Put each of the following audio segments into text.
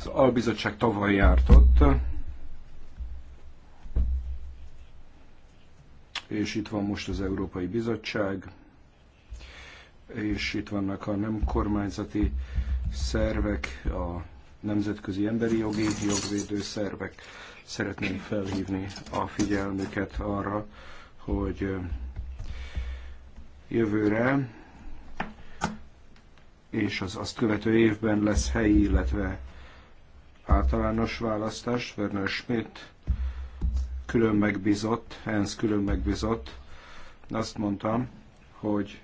Az albizottság tavaly járt ott, és itt van most az Európai Bizottság, és itt vannak a nem kormányzati szervek, a nemzetközi emberi jogi jogvédő szervek. Szeretném felhívni a figyelmüket arra, hogy jövőre és az azt követő évben lesz helyi, illetve általános választást, Werner Schmidt külön megbízott, ENSZ külön megbízott, azt mondtam, hogy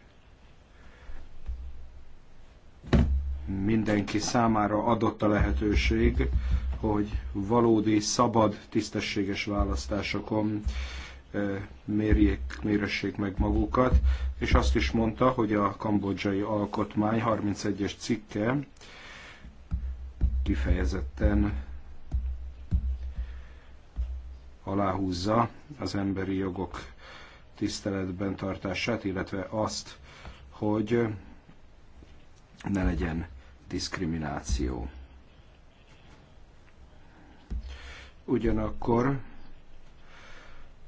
mindenki számára adott a lehetőség, hogy valódi, szabad, tisztességes választásokon mérjék, méressék meg magukat, és azt is mondta, hogy a kambodzsai alkotmány 31-es cikke kifejezetten aláhúzza az emberi jogok tiszteletben tartását, illetve azt, hogy ne legyen diszkrimináció. Ugyanakkor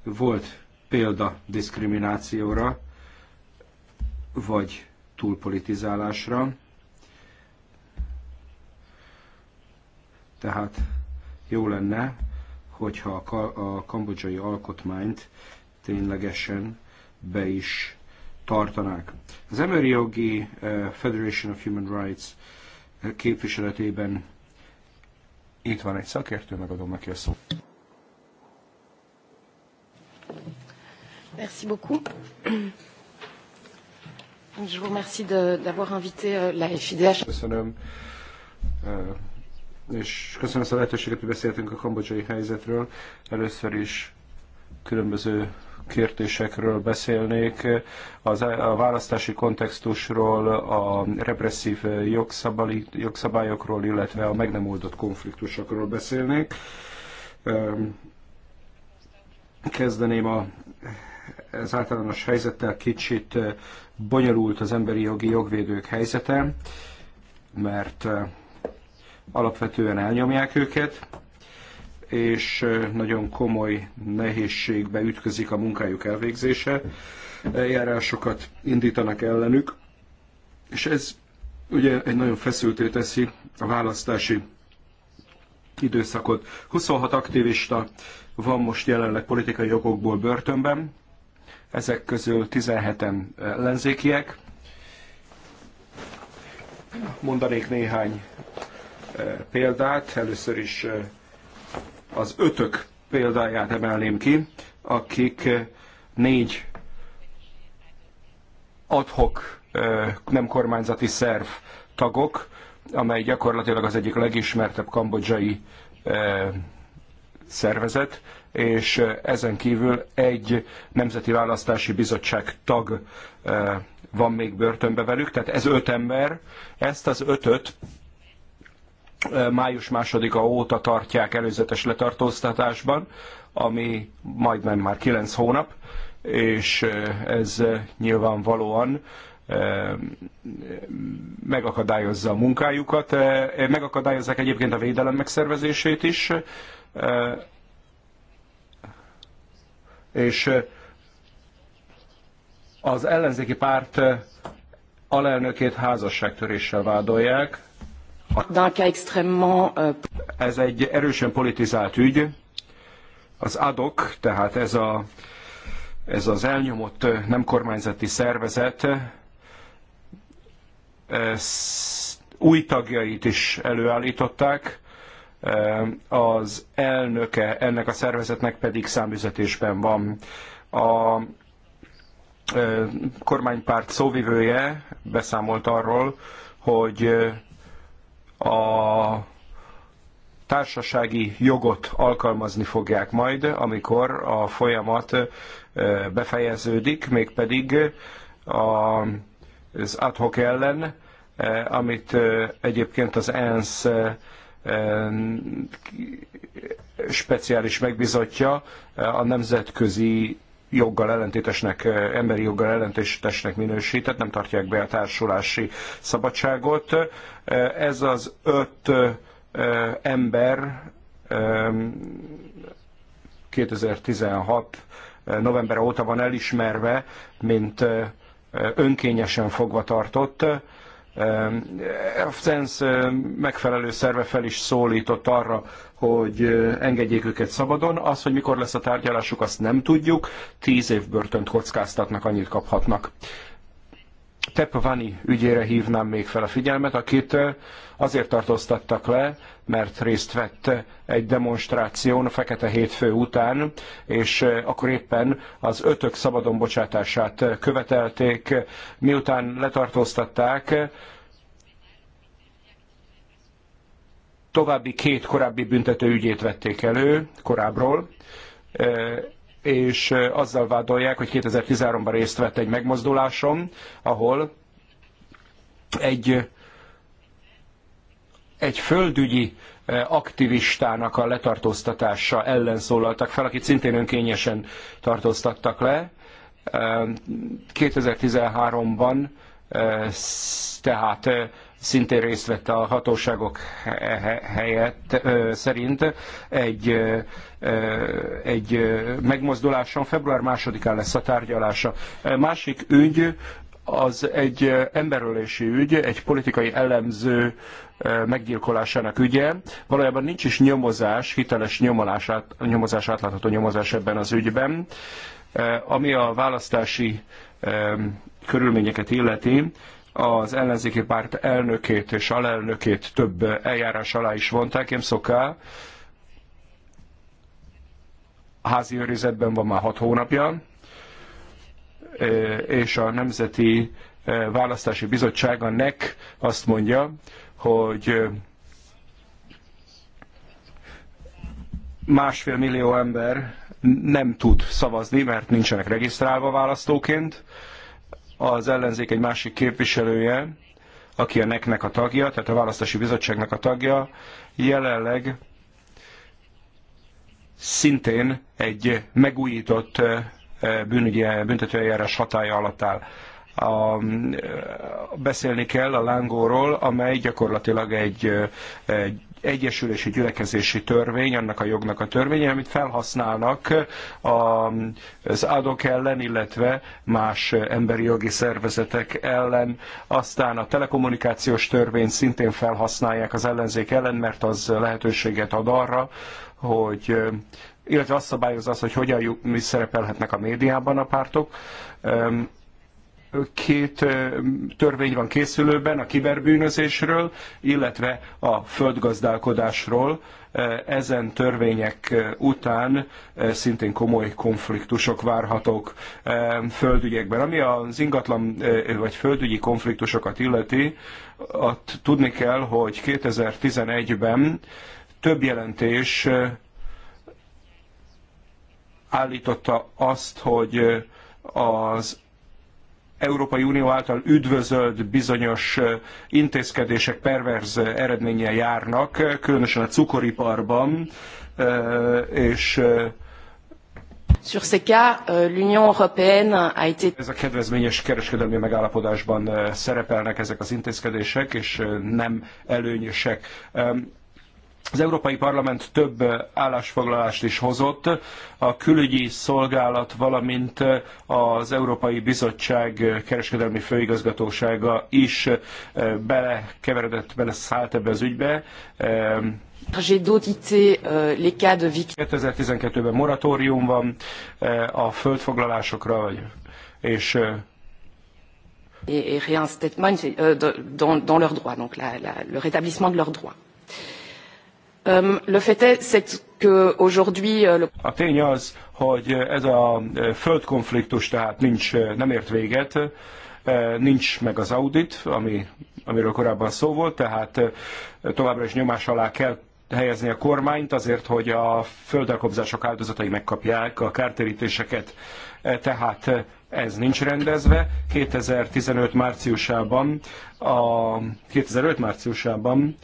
volt példa diszkriminációra, vagy túlpolitizálásra, Tehát jó lenne, hogyha a kambodzsai alkotmányt ténylegesen be is tartanák. Az Emberi Jogi eh, Federation of Human Rights eh, képviseletében itt van egy szakértő, megadom neki a szót. Merci beaucoup. Je vous remercie d'avoir invité euh, la FIDH. Köszönöm eh, és köszönöm ezt a lehetőséget, hogy beszéltünk a kambodzsai helyzetről. Először is különböző kérdésekről beszélnék, az, a választási kontextusról, a represszív jogszabályokról, illetve a meg nem oldott konfliktusokról beszélnék. Kezdeném a, az általános helyzettel kicsit bonyolult az emberi jogi jogvédők helyzete, mert alapvetően elnyomják őket, és nagyon komoly nehézségbe ütközik a munkájuk elvégzése. Eljárásokat indítanak ellenük, és ez ugye egy nagyon feszülté teszi a választási időszakot. 26 aktivista van most jelenleg politikai jogokból börtönben, ezek közül 17-en ellenzékiek. Mondanék néhány példát. Először is az ötök példáját emelném ki, akik négy adhok nem kormányzati szerv tagok, amely gyakorlatilag az egyik legismertebb kambodzsai szervezet, és ezen kívül egy Nemzeti Választási Bizottság tag van még börtönbe velük, tehát ez öt ember, ezt az ötöt május másodika óta tartják előzetes letartóztatásban, ami majdnem már 9 hónap, és ez nyilvánvalóan megakadályozza a munkájukat, megakadályozzák egyébként a védelem megszervezését is, és az ellenzéki párt alelnökét házasságtöréssel vádolják, Euh, ez egy erősen politizált ügy. Az ADOK, tehát ez, a, ez az elnyomott nem kormányzati szervezet új tagjait is előállították, az elnöke ennek a szervezetnek pedig számüzetésben van. A kormánypárt szóvivője beszámolt arról, hogy a társasági jogot alkalmazni fogják majd, amikor a folyamat befejeződik, mégpedig az hoc ellen, amit egyébként az ENSZ speciális megbizotja a nemzetközi joggal ellentétesnek, eh, emberi joggal ellentétesnek minősített, nem tartják be a társulási szabadságot. Eh, ez az öt eh, ember 2016 november óta van elismerve, mint önkényesen fogva tartott, a CENSZ megfelelő szerve fel is szólított arra, hogy engedjék őket szabadon. Az, hogy mikor lesz a tárgyalásuk, azt nem tudjuk. Tíz év börtönt kockáztatnak, annyit kaphatnak. Teppa ügyére hívnám még fel a figyelmet, akit azért tartóztattak le, mert részt vett egy demonstráción a Fekete Hétfő után, és akkor éppen az ötök szabadon bocsátását követelték. Miután letartóztatták, további két korábbi büntető ügyét vették elő korábbról, és azzal vádolják, hogy 2013-ban részt vett egy megmozduláson, ahol egy, egy földügyi aktivistának a letartóztatása ellen szólaltak fel, akit szintén önkényesen tartóztattak le. 2013-ban tehát szintén részt vett a hatóságok helyett szerint egy egy megmozduláson. Február másodikán lesz a tárgyalása. Másik ügy az egy emberölési ügy, egy politikai elemző meggyilkolásának ügye. Valójában nincs is nyomozás, hiteles nyomolás, át, nyomozás, átlátható nyomozás ebben az ügyben. Ami a választási körülményeket illeti, az ellenzéki párt elnökét és alelnökét több eljárás alá is vonták, én szoká, házi őrizetben van már hat hónapja, e, és a Nemzeti e, Választási Bizottság, a NEC azt mondja, hogy e, másfél millió ember nem tud szavazni, mert nincsenek regisztrálva választóként. Az ellenzék egy másik képviselője, aki a NEC-nek a tagja, tehát a Választási Bizottságnak a tagja, jelenleg szintén egy megújított eh, eh, bűnügyi eh, büntetőeljárás hatája alatt áll. A, beszélni kell a lángóról, amely gyakorlatilag egy, egy egyesülési gyülekezési törvény, annak a jognak a törvénye, amit felhasználnak az adok ellen, illetve más emberi jogi szervezetek ellen. Aztán a telekommunikációs törvény szintén felhasználják az ellenzék ellen, mert az lehetőséget ad arra, hogy illetve azt szabályozza az, hogy hogyan mi szerepelhetnek a médiában a pártok. Két törvény van készülőben a kiberbűnözésről, illetve a földgazdálkodásról. Ezen törvények után szintén komoly konfliktusok várhatók földügyekben. Ami az ingatlan vagy földügyi konfliktusokat illeti, ott tudni kell, hogy 2011-ben több jelentés állította azt, hogy az Európai Unió által üdvözölt bizonyos intézkedések perverz eredménye járnak, különösen a cukoriparban, és Sur ces cas, euh, l'Union européenne a été... Ez a kedvezményes kereskedelmi megállapodásban szerepelnek ezek az intézkedések, és nem előnyösek. Az Európai Parlament több állásfoglalást is hozott, a külügyi szolgálat, valamint az Európai Bizottság kereskedelmi főigazgatósága is belekeveredett, beleszállt ebbe az ügybe. 2012-ben euh, moratórium van a földfoglalásokra, vagy, és et réinstatement euh, dans, dans leurs droits, donc la, la, le rétablissement de leurs droits. Euh, le fait est, c'est euh, a tény az, hogy ez a földkonfliktus tehát nincs, nem ért véget, nincs meg az audit, ami, amiről korábban szó volt, tehát továbbra is nyomás alá kell helyezni a kormányt azért, hogy a földelkobzások áldozatai megkapják a kártérítéseket. E, tehát ez nincs rendezve. 2015 márciusában, a 2005 márciusában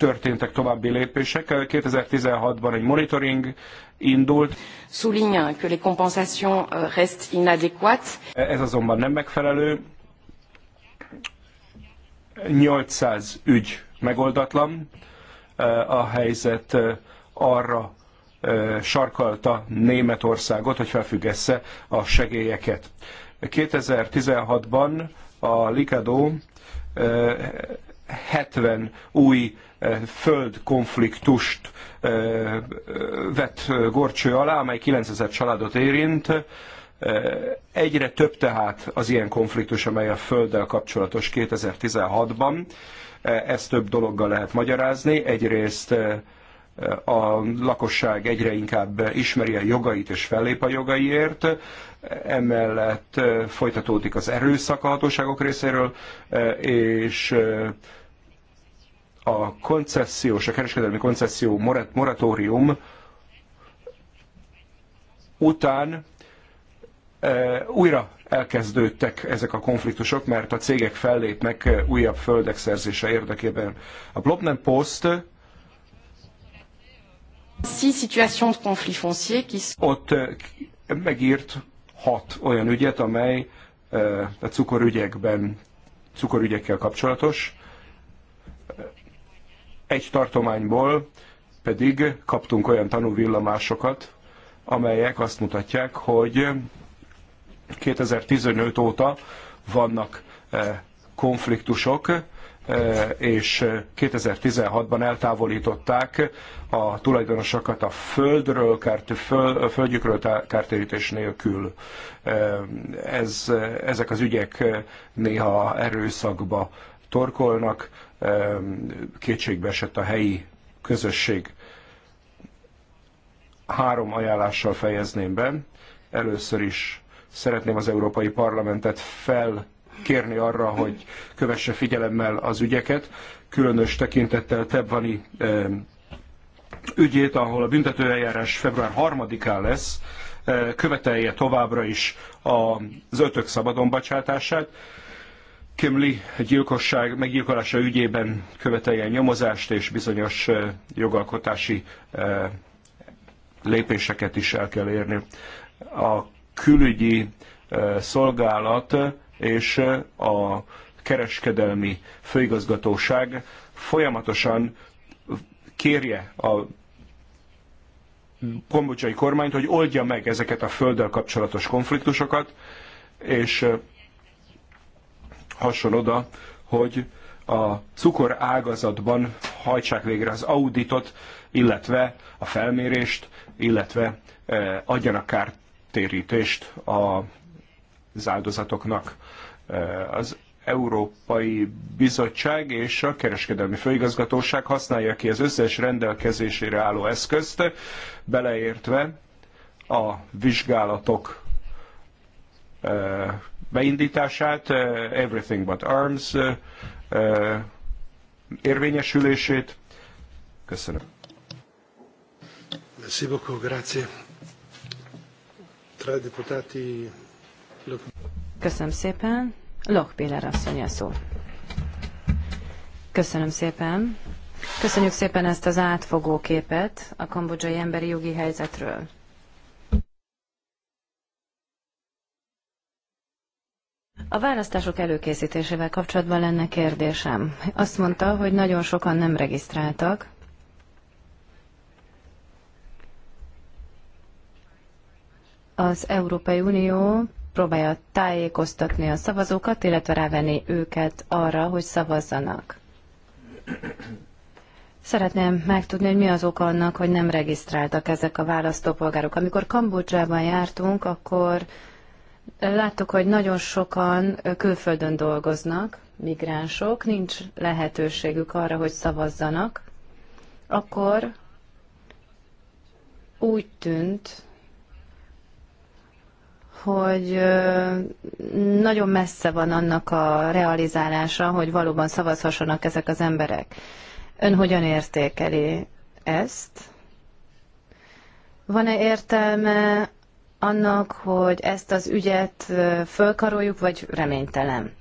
történtek további lépések. 2016-ban egy monitoring indult. Souligne que les compensations euh, restent inadéquates. Ez azonban nem megfelelő. 800 ügy megoldatlan. Eh, a helyzet eh, arra eh, sarkalta Németországot, hogy felfüggesse a segélyeket. 2016-ban a Likado 70 új földkonfliktust vett gorcső alá, amely 9000 családot érint. Egyre több tehát az ilyen konfliktus, amely a földdel kapcsolatos 2016-ban. Ezt több dologgal lehet magyarázni. Egyrészt a lakosság egyre inkább ismeri a jogait és fellép a jogaiért, emellett folytatódik az erőszak a hatóságok részéről, és a koncessziós, a kereskedelmi koncesszió moratórium után e, újra elkezdődtek ezek a konfliktusok, mert a cégek fellépnek e, újabb földek szerzése érdekében. A Blobnen Post Ott e, megírt hat olyan ügyet, amely a cukorügyekben, cukorügyekkel kapcsolatos. Egy tartományból pedig kaptunk olyan tanúvillamásokat, amelyek azt mutatják, hogy 2015 óta vannak eh, konfliktusok, eh, és 2016-ban eltávolították a tulajdonosokat a földről, kárt, föl, földjükről kártérítés nélkül. Eh, ez, ezek az ügyek néha erőszakba torkolnak, kétségbe esett a helyi közösség. Három ajánlással fejezném be. Először is szeretném az Európai Parlamentet felkérni arra, hogy kövesse figyelemmel az ügyeket, különös tekintettel Tebvani ügyét, ahol a büntetőeljárás február 3-án lesz, követelje továbbra is az ötök szabadonbocsátását Kim Lee gyilkosság meggyilkolása ügyében követelje nyomozást és bizonyos jogalkotási lépéseket is el kell érni. A külügyi szolgálat és a kereskedelmi főigazgatóság folyamatosan kérje a kombodzsai kormányt, hogy oldja meg ezeket a földdel kapcsolatos konfliktusokat, és hason oda, hogy a cukor ágazatban hajtsák végre az auditot, illetve a felmérést, illetve e, adjanak kártérítést az áldozatoknak. E, az Európai Bizottság és a Kereskedelmi Főigazgatóság használja ki az összes rendelkezésére álló eszközt, beleértve a vizsgálatok Uh, beindítását, uh, Everything But Arms uh, érvényesülését. Köszönöm. Merci beaucoup, grazie. deputati... Köszönöm szépen. Lochbiller asszony a szó. Köszönöm szépen. Köszönjük szépen ezt az átfogó képet a kambodzsai emberi jogi helyzetről. A választások előkészítésével kapcsolatban lenne kérdésem. Azt mondta, hogy nagyon sokan nem regisztráltak. Az Európai Unió próbálja tájékoztatni a szavazókat, illetve rávenni őket arra, hogy szavazzanak. Szeretném megtudni, hogy mi az oka annak, hogy nem regisztráltak ezek a választópolgárok. Amikor Kambodzsában jártunk, akkor Láttuk, hogy nagyon sokan külföldön dolgoznak, migránsok, nincs lehetőségük arra, hogy szavazzanak, akkor úgy tűnt, hogy nagyon messze van annak a realizálása, hogy valóban szavazhassanak ezek az emberek. Ön hogyan értékeli ezt? Van-e értelme annak, hogy ezt az ügyet fölkaroljuk, vagy reménytelen?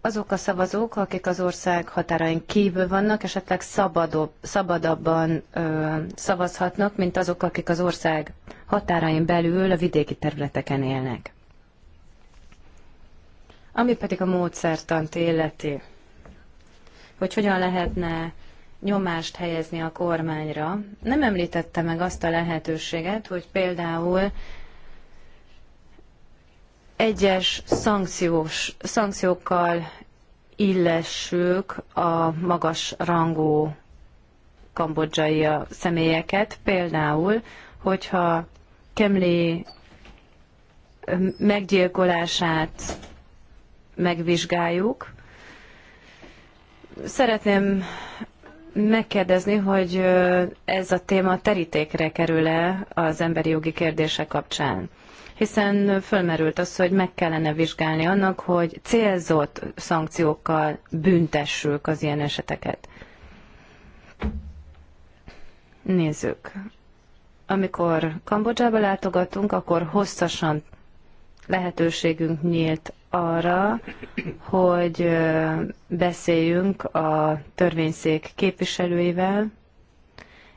Azok a szavazók, akik az ország határain kívül vannak, esetleg szabadobb, szabadabban ö, szavazhatnak, mint azok, akik az ország határain belül a vidéki területeken élnek. Ami pedig a módszertant életi, hogy hogyan lehetne nyomást helyezni a kormányra. Nem említette meg azt a lehetőséget, hogy például egyes szankciós, szankciókkal illessük a magas rangú kambodzsai személyeket, például, hogyha Kemli meggyilkolását megvizsgáljuk. Szeretném megkérdezni, hogy ez a téma terítékre kerül-e az emberi jogi kérdése kapcsán. Hiszen fölmerült az, hogy meg kellene vizsgálni annak, hogy célzott szankciókkal büntessük az ilyen eseteket. Nézzük. Amikor Kambodzsába látogatunk, akkor hosszasan lehetőségünk nyílt arra, hogy beszéljünk a törvényszék képviselőivel.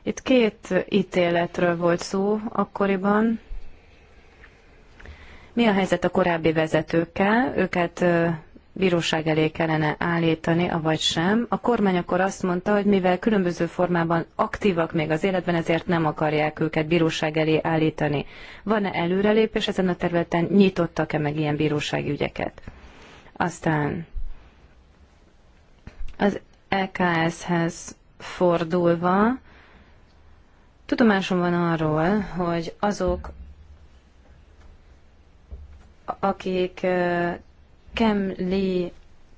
Itt két ítéletről volt szó akkoriban. Mi a helyzet a korábbi vezetőkkel? Őket bíróság elé kellene állítani, avagy sem. A kormány akkor azt mondta, hogy mivel különböző formában aktívak még az életben, ezért nem akarják őket bíróság elé állítani. Van-e előrelépés ezen a területen? Nyitottak-e meg ilyen bírósági ügyeket? Aztán az EKS-hez fordulva, tudomásom van arról, hogy azok, akik Kemli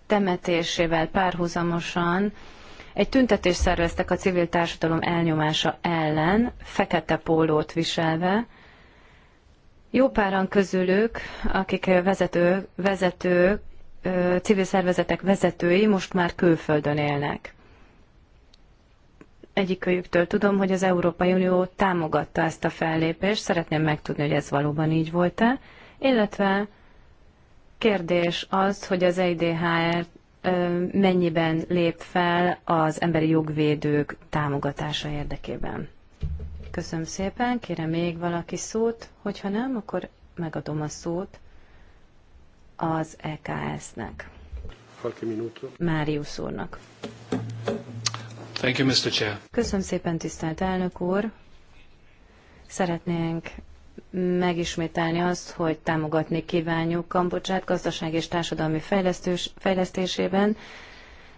temetésével párhuzamosan egy tüntetést szerveztek a civil társadalom elnyomása ellen, fekete pólót viselve. Jó páran közülük, akik vezető, vezető civil szervezetek vezetői most már külföldön élnek. Egyikőjüktől tudom, hogy az Európai Unió támogatta ezt a fellépést, szeretném megtudni, hogy ez valóban így volt-e, illetve Kérdés az, hogy az EIDHR mennyiben lép fel az emberi jogvédők támogatása érdekében. Köszönöm szépen, kérem még valaki szót, hogyha nem, akkor megadom a szót az EKS-nek. Máriusz úrnak. Thank you, Mr. Chair. Köszönöm szépen, tisztelt elnök úr. Szeretnénk megismételni azt, hogy támogatni kívánjuk Kambodzsát gazdaság és társadalmi fejlesztős, fejlesztésében.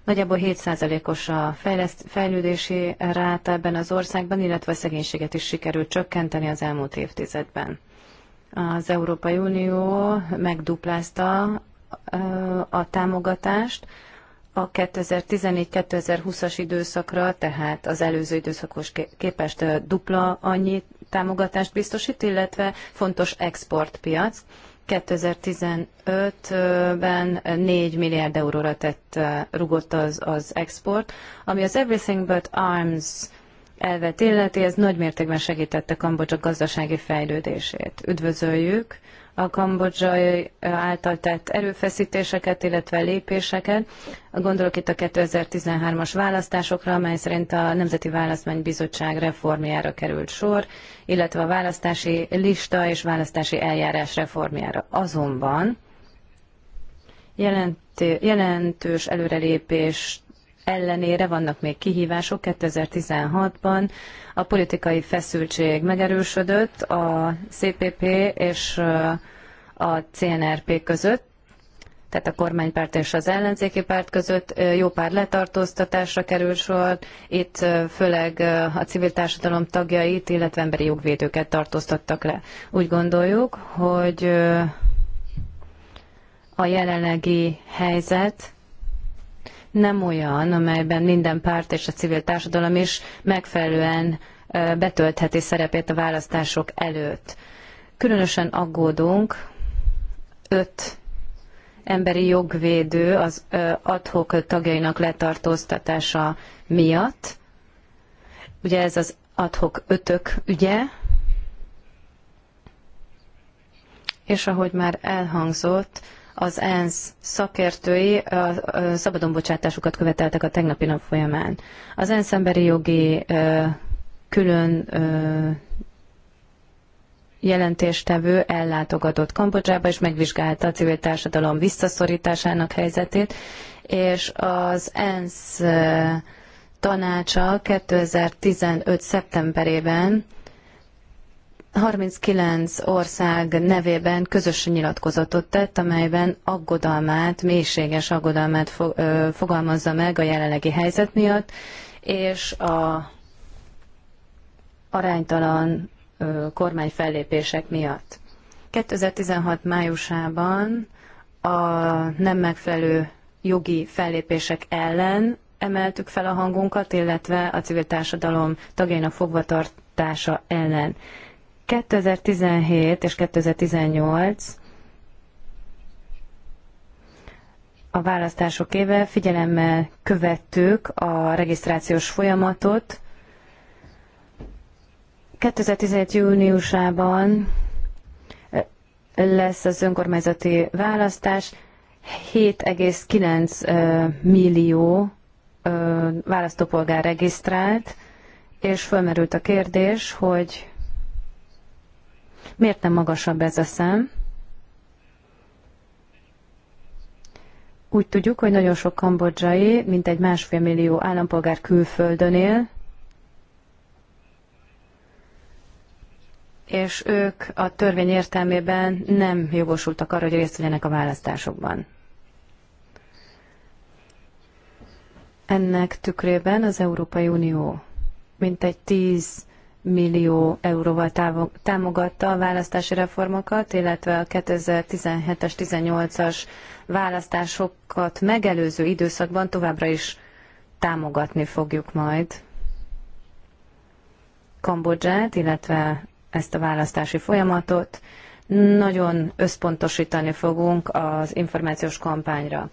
Nagyjából 7%-os a fejleszt, fejlődési ráta ebben az országban, illetve a szegénységet is sikerült csökkenteni az elmúlt évtizedben. Az Európai Unió megduplázta a támogatást a 2014-2020-as időszakra, tehát az előző időszakos képest dupla annyit támogatást biztosít, illetve fontos exportpiac. 2015-ben 4 milliárd euróra tett, rugott az, az export, ami az Everything But Arms elvet illeti, ez nagymértékben segítette Kambodzsa gazdasági fejlődését. Üdvözöljük a Kambodzsa által tett erőfeszítéseket, illetve lépéseket. Gondolok itt a 2013-as választásokra, amely szerint a Nemzeti Választmánybizottság reformjára került sor, illetve a választási lista és választási eljárás reformjára. Azonban jelentős előrelépést ellenére vannak még kihívások. 2016-ban a politikai feszültség megerősödött a CPP és a CNRP között, tehát a kormánypárt és az ellenzéki párt között jó pár letartóztatásra kerül sor. Itt főleg a civil társadalom tagjait, illetve emberi jogvédőket tartóztattak le. Úgy gondoljuk, hogy a jelenlegi helyzet nem olyan, amelyben minden párt és a civil társadalom is megfelelően betöltheti szerepét a választások előtt. Különösen aggódunk, öt emberi jogvédő az adhok tagjainak letartóztatása miatt. Ugye ez az adhok ötök ügye, és ahogy már elhangzott, az ENSZ szakértői a szabadonbocsátásukat követeltek a tegnapi nap folyamán. Az ENSZ emberi jogi külön jelentéstevő ellátogatott Kambodzsába, és megvizsgálta a civil társadalom visszaszorításának helyzetét, és az ENSZ tanácsa 2015. szeptemberében 39 ország nevében közös nyilatkozatot tett, amelyben aggodalmát, mélységes aggodalmát fo- ö, fogalmazza meg a jelenlegi helyzet miatt, és a aránytalan ö, kormány fellépések miatt. 2016 májusában a nem megfelelő jogi fellépések ellen emeltük fel a hangunkat, illetve a civil társadalom tagjainak fogvatartása ellen. 2017 és 2018 a választások éve figyelemmel követtük a regisztrációs folyamatot. 2017 júniusában lesz az önkormányzati választás. 7,9 millió választópolgár regisztrált, és fölmerült a kérdés, hogy Miért nem magasabb ez a szám? Úgy tudjuk, hogy nagyon sok kambodzsai, mint egy másfél millió állampolgár külföldön él, és ők a törvény értelmében nem jogosultak arra, hogy részt vegyenek a választásokban. Ennek tükrében az Európai Unió mintegy tíz millió euróval támogatta a választási reformokat, illetve a 2017-es, 18-as választásokat megelőző időszakban továbbra is támogatni fogjuk majd Kambodzsát, illetve ezt a választási folyamatot. Nagyon összpontosítani fogunk az információs kampányra.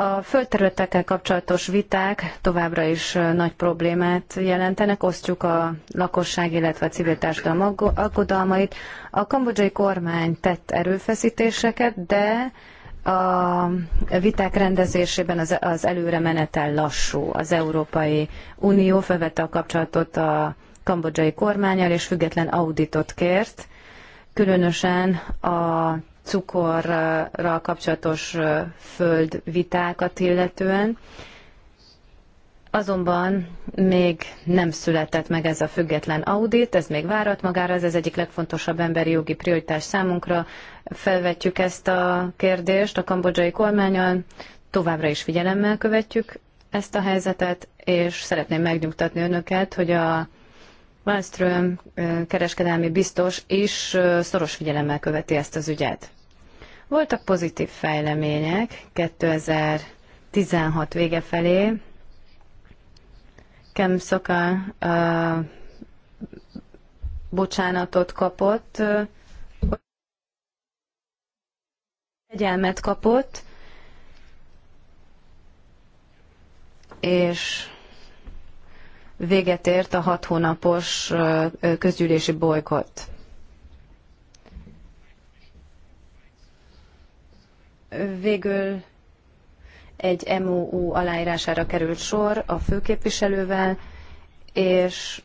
A földterületekkel kapcsolatos viták továbbra is nagy problémát jelentenek, osztjuk a lakosság, illetve a civil társadalom aggodalmait. A kambodzsai kormány tett erőfeszítéseket, de a viták rendezésében az, az előre menetel lassú. Az Európai Unió felvette a kapcsolatot a kambodzsai kormányal, és független auditot kért, különösen a cukorral kapcsolatos földvitákat illetően. Azonban még nem született meg ez a független audit, ez még várat magára, ez az egyik legfontosabb emberi jogi prioritás számunkra. Felvetjük ezt a kérdést a kambodzsai kormányon, továbbra is figyelemmel követjük ezt a helyzetet, és szeretném megnyugtatni önöket, hogy a Wallström kereskedelmi biztos is szoros figyelemmel követi ezt az ügyet. Voltak pozitív fejlemények 2016 vége felé. Kem Szoka uh, bocsánatot kapott, egyelmet kapott, és véget ért a hat hónapos közgyűlési bolykott. végül egy MOU aláírására került sor a főképviselővel, és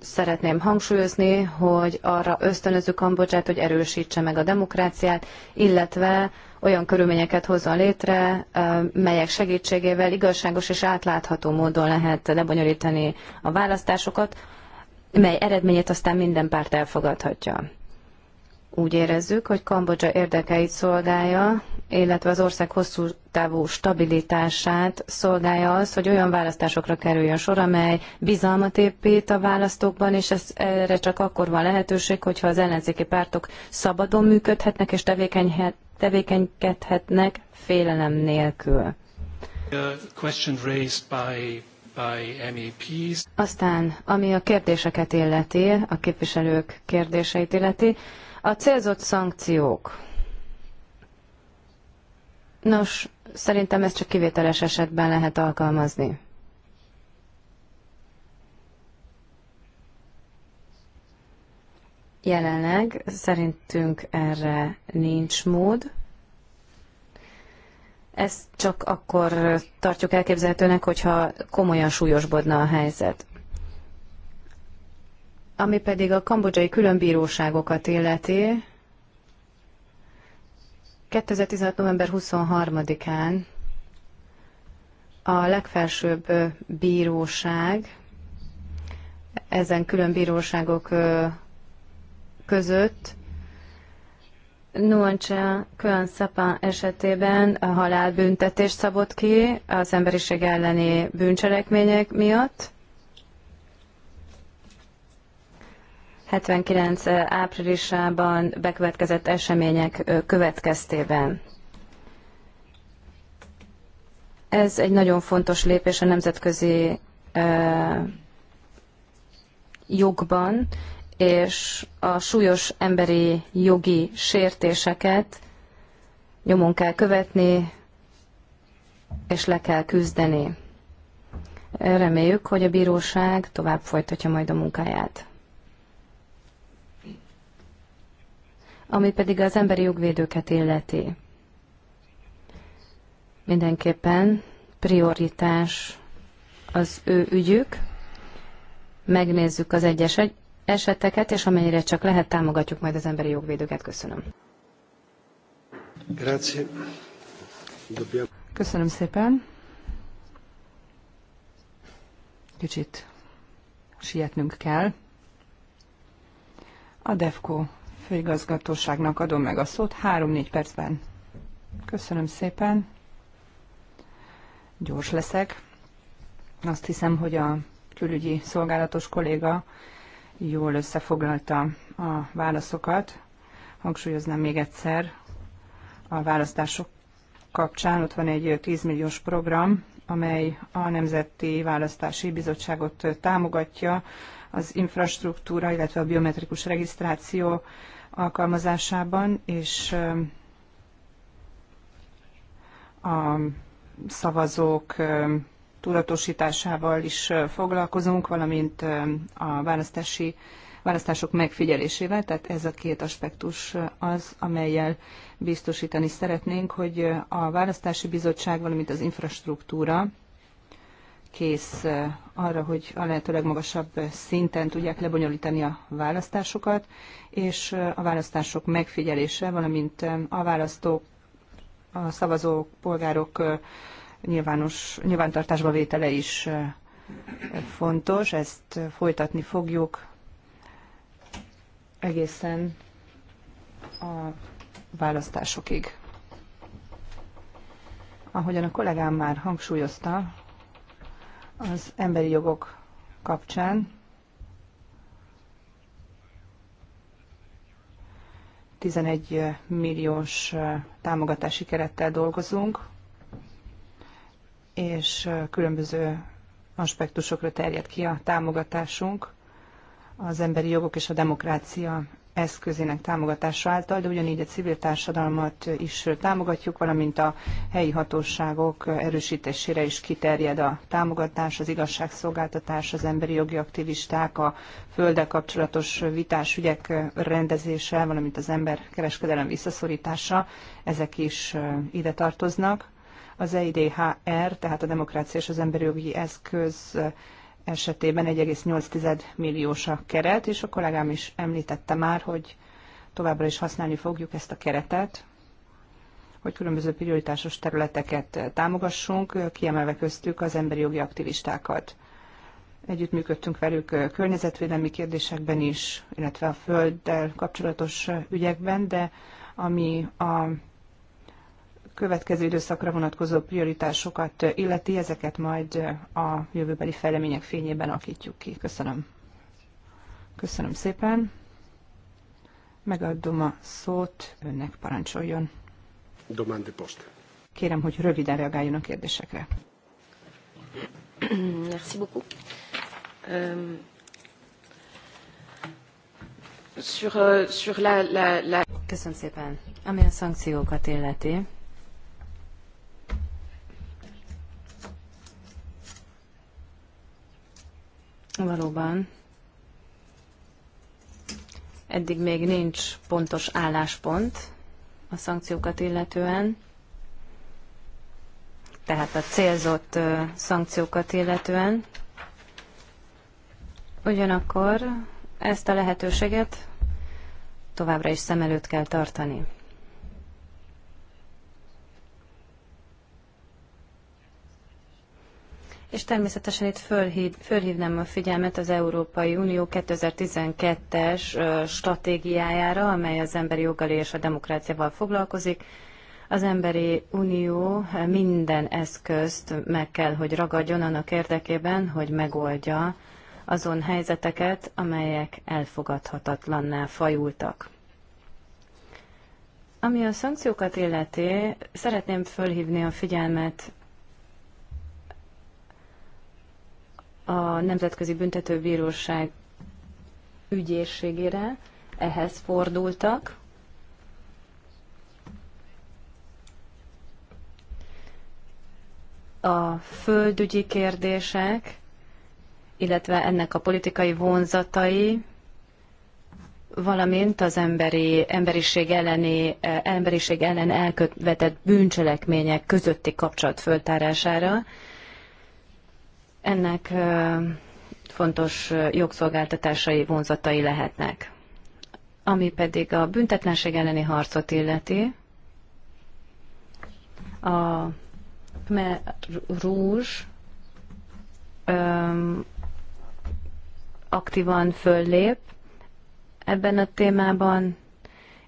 szeretném hangsúlyozni, hogy arra ösztönöző Kambodzsát, hogy erősítse meg a demokráciát, illetve olyan körülményeket hozzon létre, melyek segítségével igazságos és átlátható módon lehet lebonyolítani a választásokat, mely eredményét aztán minden párt elfogadhatja. Úgy érezzük, hogy Kambodzsa érdekeit szolgálja, illetve az ország hosszú távú stabilitását szolgálja az, hogy olyan választásokra kerüljön sor, amely bizalmat épít a választókban, és ez, erre csak akkor van lehetőség, hogyha az ellenzéki pártok szabadon működhetnek és tevékenykedhetnek félelem nélkül. A question raised by aztán, ami a kérdéseket illeti, a képviselők kérdéseit illeti, a célzott szankciók. Nos, szerintem ezt csak kivételes esetben lehet alkalmazni. Jelenleg szerintünk erre nincs mód. Ezt csak akkor tartjuk elképzelhetőnek, hogyha komolyan súlyosbodna a helyzet. Ami pedig a kambodzsai különbíróságokat illeti, 2016. november 23-án a legfelsőbb bíróság ezen különbíróságok között Nuancsa Kön Szapa esetében a halálbüntetés szabott ki az emberiség elleni bűncselekmények miatt. 79. áprilisában bekövetkezett események következtében. Ez egy nagyon fontos lépés a nemzetközi jogban, és a súlyos emberi jogi sértéseket nyomon kell követni, és le kell küzdeni. Reméljük, hogy a bíróság tovább folytatja majd a munkáját. Ami pedig az emberi jogvédőket illeti. Mindenképpen prioritás az ő ügyük. Megnézzük az egyes eseteket, és amennyire csak lehet, támogatjuk majd az emberi jogvédőket. Köszönöm. Köszönöm szépen. Kicsit sietnünk kell. A DEFCO főigazgatóságnak adom meg a szót 3-4 percben. Köszönöm szépen. Gyors leszek. Azt hiszem, hogy a külügyi szolgálatos kolléga jól összefoglalta a válaszokat. Hangsúlyoznám még egyszer, a választások kapcsán ott van egy 10 milliós program, amely a Nemzeti Választási Bizottságot támogatja az infrastruktúra, illetve a biometrikus regisztráció alkalmazásában, és a szavazók tudatosításával is foglalkozunk, valamint a választási választások megfigyelésével, tehát ez a két aspektus az, amelyel biztosítani szeretnénk, hogy a választási bizottság, valamint az infrastruktúra kész arra, hogy a lehető legmagasabb szinten tudják lebonyolítani a választásokat, és a választások megfigyelése, valamint a választók, a szavazók, polgárok nyilvános, nyilvántartásba vétele is fontos, ezt folytatni fogjuk egészen a választásokig. Ahogyan a kollégám már hangsúlyozta, az emberi jogok kapcsán 11 milliós támogatási kerettel dolgozunk, és különböző aspektusokra terjed ki a támogatásunk az emberi jogok és a demokrácia eszközének támogatása által, de ugyanígy a civil társadalmat is támogatjuk, valamint a helyi hatóságok erősítésére is kiterjed a támogatás, az igazságszolgáltatás, az emberi jogi aktivisták, a földek kapcsolatos vitás ügyek rendezése, valamint az emberkereskedelem visszaszorítása, ezek is ide tartoznak. Az EIDHR, tehát a demokrácia és az emberi jogi eszköz esetében 1,8 milliós a keret, és a kollégám is említette már, hogy továbbra is használni fogjuk ezt a keretet, hogy különböző prioritásos területeket támogassunk, kiemelve köztük az emberi jogi aktivistákat. Együttműködtünk velük környezetvédelmi kérdésekben is, illetve a földdel kapcsolatos ügyekben, de ami a következő időszakra vonatkozó prioritásokat illeti, ezeket majd a jövőbeli fejlemények fényében alakítjuk ki. Köszönöm. Köszönöm szépen. Megadom a szót, önnek parancsoljon. Domande post. Kérem, hogy röviden reagáljon a kérdésekre. Merci beaucoup. Um, sur, euh, sur la, la, la... Köszönöm szépen. Ami a szankciókat illeti, Valóban. Eddig még nincs pontos álláspont a szankciókat illetően, tehát a célzott szankciókat illetően. Ugyanakkor ezt a lehetőséget továbbra is szem előtt kell tartani. és természetesen itt fölhív, fölhívnám a figyelmet az Európai Unió 2012-es stratégiájára, amely az emberi joggal és a demokráciával foglalkozik. Az Emberi Unió minden eszközt meg kell, hogy ragadjon annak érdekében, hogy megoldja azon helyzeteket, amelyek elfogadhatatlanná fajultak. Ami a szankciókat illeti, szeretném fölhívni a figyelmet a Nemzetközi Büntetőbíróság ügyészségére, ehhez fordultak. A földügyi kérdések, illetve ennek a politikai vonzatai, valamint az emberi, emberiség, elleni, emberiség ellen elkövetett bűncselekmények közötti kapcsolat föltárására ennek fontos jogszolgáltatásai, vonzatai lehetnek. Ami pedig a büntetlenség elleni harcot illeti, a rúzs aktívan föllép ebben a témában,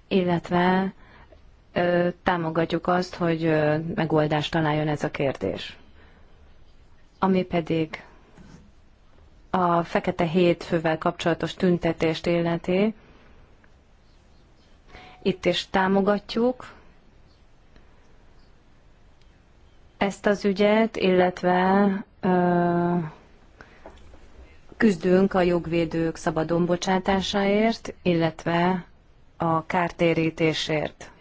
illetve ö, támogatjuk azt, hogy ö, megoldást találjon ez a kérdés ami pedig a Fekete Hétfővel kapcsolatos tüntetést illeti. Itt is támogatjuk ezt az ügyet, illetve ö, küzdünk a jogvédők szabadonbocsátásáért, illetve a kártérítésért.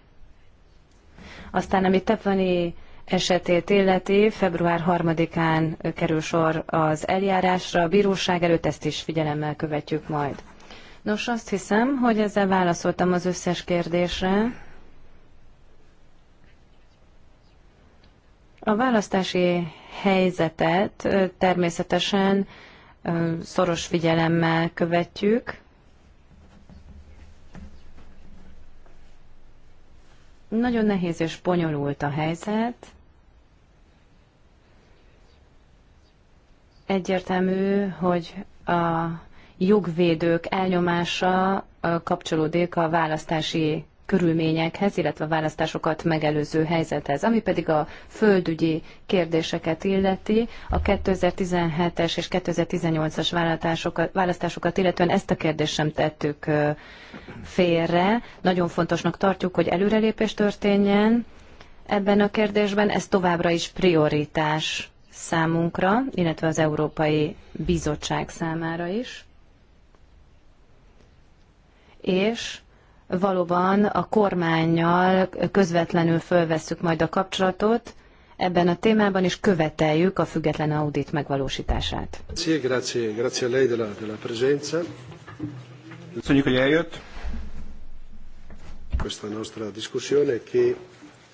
Aztán, amit Tefani esetét illeti, február 3-án kerül sor az eljárásra, a bíróság előtt ezt is figyelemmel követjük majd. Nos, azt hiszem, hogy ezzel válaszoltam az összes kérdésre. A választási helyzetet természetesen szoros figyelemmel követjük. Nagyon nehéz és bonyolult a helyzet. Egyértelmű, hogy a jogvédők elnyomása kapcsolódik a választási körülményekhez, illetve a választásokat megelőző helyzethez. Ami pedig a földügyi kérdéseket illeti, a 2017-es és 2018-as választásokat, választásokat, illetően ezt a kérdést sem tettük félre. Nagyon fontosnak tartjuk, hogy előrelépés történjen ebben a kérdésben, ez továbbra is prioritás számunkra, illetve az Európai Bizottság számára is. És valóban a kormányjal közvetlenül fölvesszük majd a kapcsolatot ebben a témában, is követeljük a független audit megvalósítását. Grazie, grazie, lei presenza. Köszönjük, hogy eljött. Questa nostra discussione che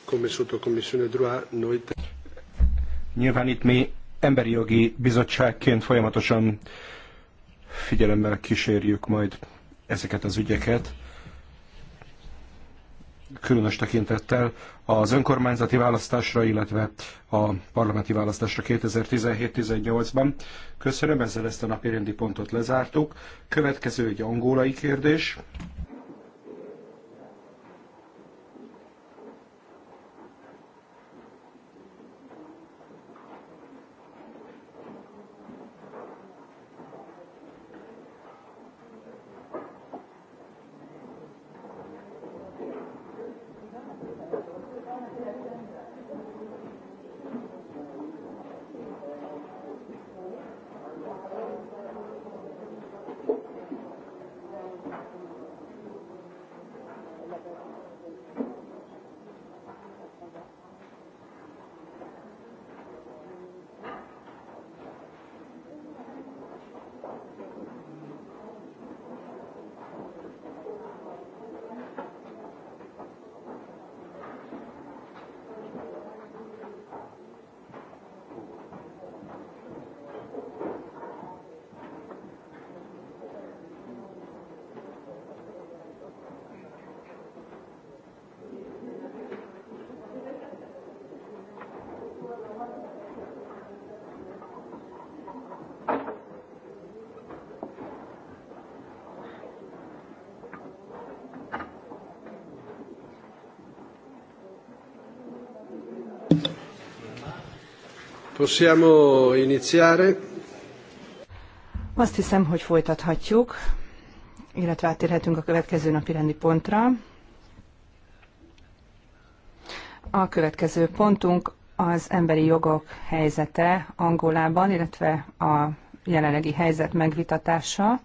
come sottocommissione noi Nyilván itt mi emberi jogi bizottságként folyamatosan figyelemmel kísérjük majd ezeket az ügyeket. Különös tekintettel az önkormányzati választásra, illetve a parlamenti választásra 2017-18-ban. Köszönöm, ezzel ezt a napi rendi pontot lezártuk. Következő egy angolai kérdés. Possiamo iniziare? Azt hiszem, hogy folytathatjuk, illetve áttérhetünk a következő napi rendi pontra. A következő pontunk az emberi jogok helyzete Angolában, illetve a jelenlegi helyzet megvitatása,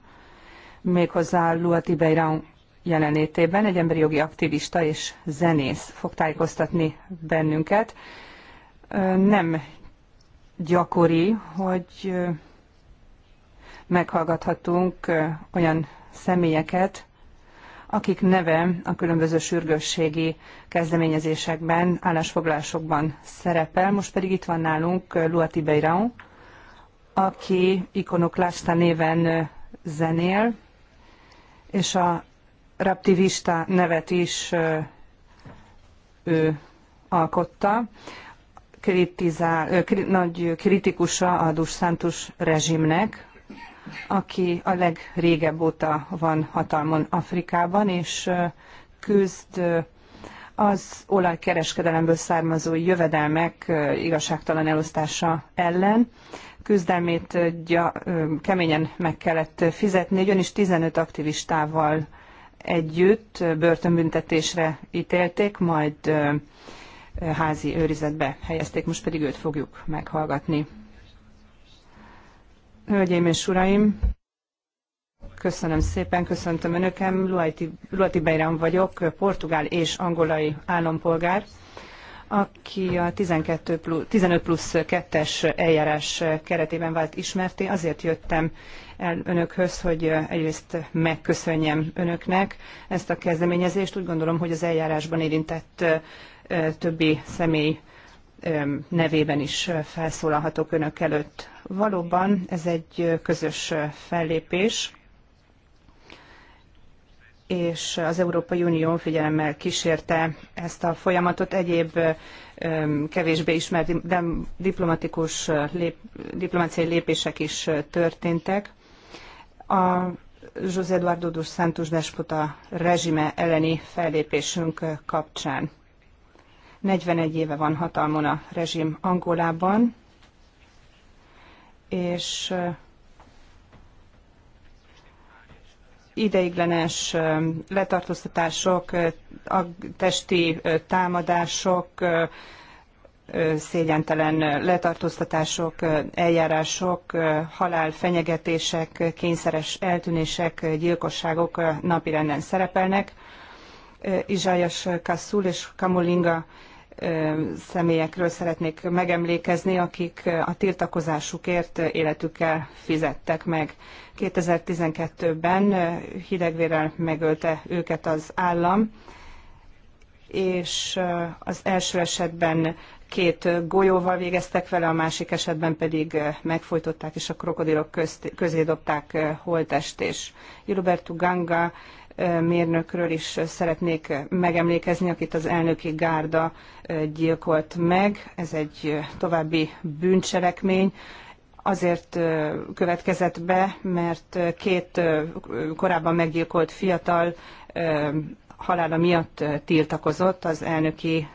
méghozzá Lua Tibeirão jelenlétében egy emberi jogi aktivista és zenész fog tájékoztatni bennünket. Nem gyakori, hogy meghallgathatunk olyan személyeket, akik neve a különböző sürgősségi kezdeményezésekben, állásfoglalásokban szerepel. Most pedig itt van nálunk Luati Tibeirão, aki ikonoklásta néven zenél, és a raptivista nevet is ő alkotta kritizál, nagy kritikusa a Dus Santos rezsimnek, aki a legrégebb óta van hatalmon Afrikában, és küzd az olajkereskedelemből származó jövedelmek igazságtalan elosztása ellen. Küzdelmét gya, keményen meg kellett fizetni, ugyanis 15 aktivistával együtt börtönbüntetésre ítélték, majd házi őrizetbe helyezték, most pedig őt fogjuk meghallgatni. Hölgyeim és uraim, köszönöm szépen, köszöntöm Önökem. Luati, Luati Beiran vagyok, portugál és angolai állampolgár, aki a 12 plusz, 15 plusz 2-es eljárás keretében vált ismerté. Azért jöttem el önökhöz, hogy egyrészt megköszönjem önöknek ezt a kezdeményezést. Úgy gondolom, hogy az eljárásban érintett többi személy nevében is felszólalhatok önök előtt. Valóban ez egy közös fellépés, és az Európai Unió figyelemmel kísérte ezt a folyamatot. Egyéb kevésbé ismert diplomatikus lép, diplomáciai lépések is történtek. A José Eduardo dos Santos despota rezsime elleni fellépésünk kapcsán. 41 éve van hatalmon a rezsim Angolában, és ideiglenes letartóztatások, testi támadások, szégyentelen letartóztatások, eljárások, halál fenyegetések, kényszeres eltűnések, gyilkosságok napirenden szerepelnek. Izsályas Kasszul és Kamolinga személyekről szeretnék megemlékezni, akik a tiltakozásukért életükkel fizettek meg. 2012-ben hidegvérrel megölte őket az állam, és az első esetben két golyóval végeztek vele, a másik esetben pedig megfojtották, és a krokodilok közé dobták holtest, és Gilberto Ganga mérnökről is szeretnék megemlékezni, akit az elnöki gárda gyilkolt meg. Ez egy további bűncselekmény. Azért következett be, mert két korábban meggyilkolt fiatal halála miatt tiltakozott az elnöki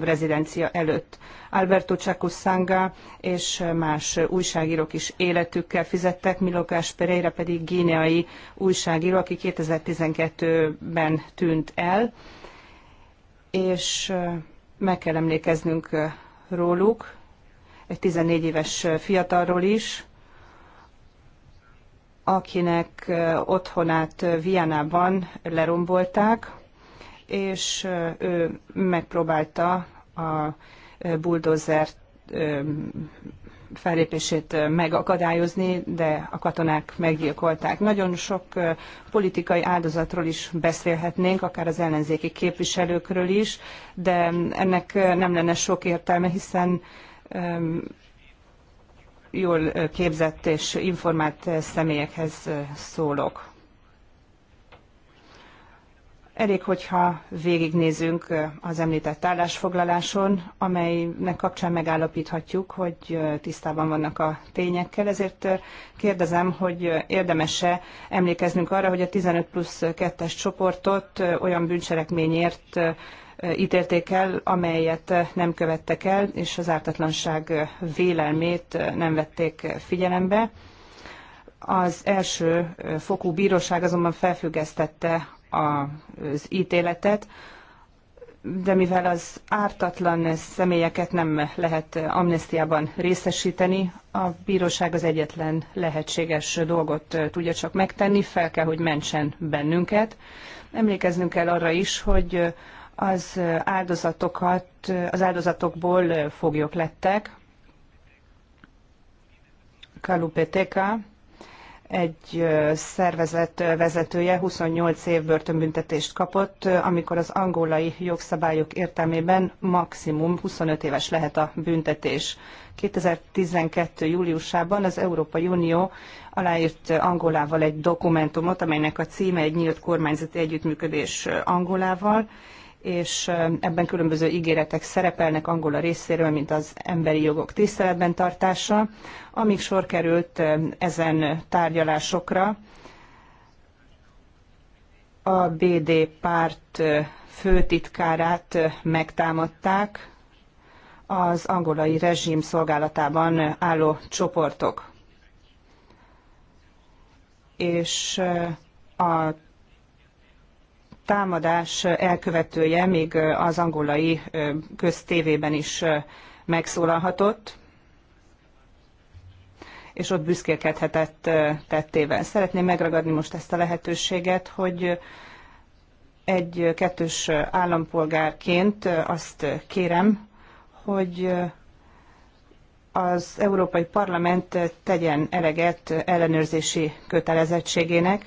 rezidencia előtt. Alberto Csakuszanga és más újságírók is életükkel fizettek, Milokás Pereira pedig gíneai újságíró, aki 2012-ben tűnt el, és meg kell emlékeznünk róluk, egy 14 éves fiatalról is, akinek otthonát Vianában lerombolták, és ő megpróbálta a buldozer fellépését megakadályozni, de a katonák meggyilkolták. Nagyon sok politikai áldozatról is beszélhetnénk, akár az ellenzéki képviselőkről is, de ennek nem lenne sok értelme, hiszen jól képzett és informált személyekhez szólok. Elég, hogyha végignézünk az említett állásfoglaláson, amelynek kapcsán megállapíthatjuk, hogy tisztában vannak a tényekkel, ezért kérdezem, hogy érdemese emlékeznünk arra, hogy a 15 plusz 2-es csoportot olyan bűncselekményért ítélték el, amelyet nem követtek el, és az ártatlanság vélelmét nem vették figyelembe. Az első fokú bíróság azonban felfüggesztette az ítéletet, de mivel az ártatlan személyeket nem lehet amnestiában részesíteni, a bíróság az egyetlen lehetséges dolgot tudja csak megtenni, fel kell, hogy mentsen bennünket. Emlékeznünk kell arra is, hogy az áldozatokat, az áldozatokból foglyok lettek. Kalupeteka, egy szervezet vezetője 28 év börtönbüntetést kapott, amikor az angolai jogszabályok értelmében maximum 25 éves lehet a büntetés. 2012. júliusában az Európai Unió aláírt Angolával egy dokumentumot, amelynek a címe egy nyílt kormányzati együttműködés Angolával, és ebben különböző ígéretek szerepelnek Angola részéről, mint az emberi jogok tiszteletben tartása. Amíg sor került ezen tárgyalásokra, a BD párt főtitkárát megtámadták az angolai rezsim szolgálatában álló csoportok. És a támadás elkövetője még az angolai köztévében is megszólalhatott, és ott büszkélkedhetett tettével. Szeretném megragadni most ezt a lehetőséget, hogy egy kettős állampolgárként azt kérem, hogy az Európai Parlament tegyen eleget ellenőrzési kötelezettségének,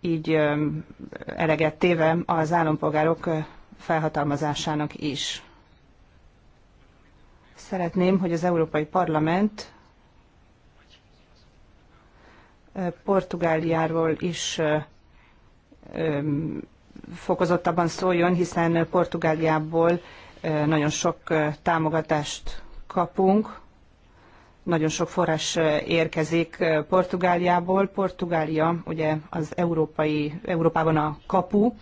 így eleget téve az állampolgárok felhatalmazásának is. Szeretném, hogy az Európai Parlament Portugáliáról is fokozottabban szóljon, hiszen Portugáliából nagyon sok támogatást kapunk nagyon sok forrás érkezik Portugáliából. Portugália ugye az európai, Európában a kapu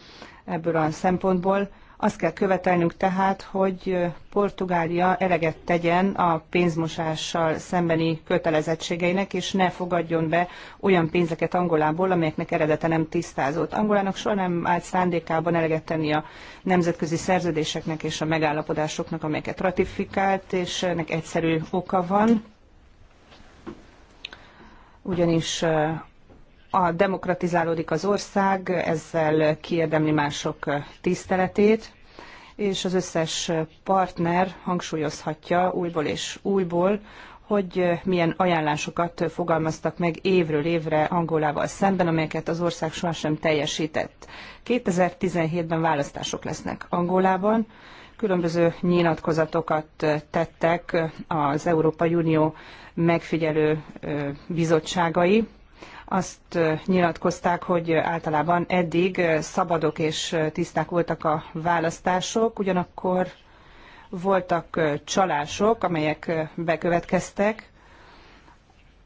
ebből a szempontból. Azt kell követelnünk tehát, hogy Portugália eleget tegyen a pénzmosással szembeni kötelezettségeinek, és ne fogadjon be olyan pénzeket Angolából, amelyeknek eredete nem tisztázott. Angolának soha nem állt szándékában eleget tenni a nemzetközi szerződéseknek és a megállapodásoknak, amelyeket ratifikált, és ennek egyszerű oka van ugyanis a demokratizálódik az ország, ezzel kiérdemli mások tiszteletét, és az összes partner hangsúlyozhatja újból és újból, hogy milyen ajánlásokat fogalmaztak meg évről évre Angolával szemben, amelyeket az ország sohasem teljesített. 2017-ben választások lesznek Angolában, különböző nyilatkozatokat tettek az Európai Unió megfigyelő bizottságai azt nyilatkozták, hogy általában eddig szabadok és tiszták voltak a választások, ugyanakkor voltak csalások, amelyek bekövetkeztek,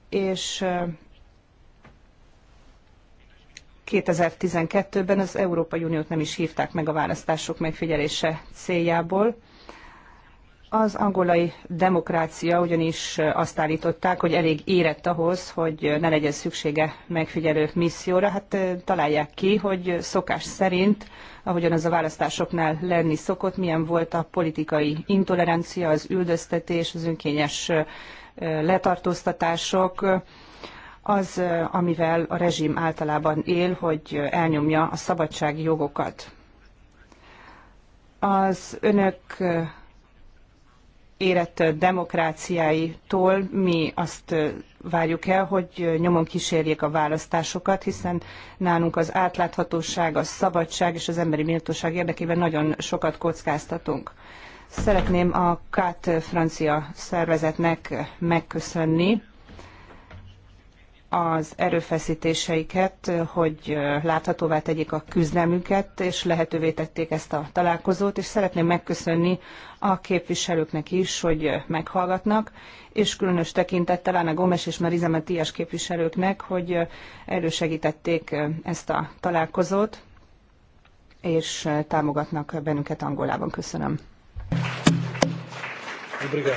és 2012-ben az Európai Uniót nem is hívták meg a választások megfigyelése céljából. Az angolai demokrácia ugyanis azt állították, hogy elég érett ahhoz, hogy ne legyen szüksége megfigyelő misszióra. Hát találják ki, hogy szokás szerint, ahogyan az a választásoknál lenni szokott, milyen volt a politikai intolerancia, az üldöztetés, az önkényes letartóztatások, az, amivel a rezsim általában él, hogy elnyomja a szabadsági jogokat. Az önök érett demokráciáitól mi azt várjuk el, hogy nyomon kísérjék a választásokat, hiszen nálunk az átláthatóság, a szabadság és az emberi méltóság érdekében nagyon sokat kockáztatunk. Szeretném a KAT francia szervezetnek megköszönni az erőfeszítéseiket, hogy láthatóvá tegyék a küzdelmüket, és lehetővé tették ezt a találkozót, és szeretném megköszönni a képviselőknek is, hogy meghallgatnak, és különös tekintettel Ána Gomes és Mariza Matias képviselőknek, hogy elősegítették ezt a találkozót, és támogatnak bennünket Angolában. Köszönöm. Obrigado.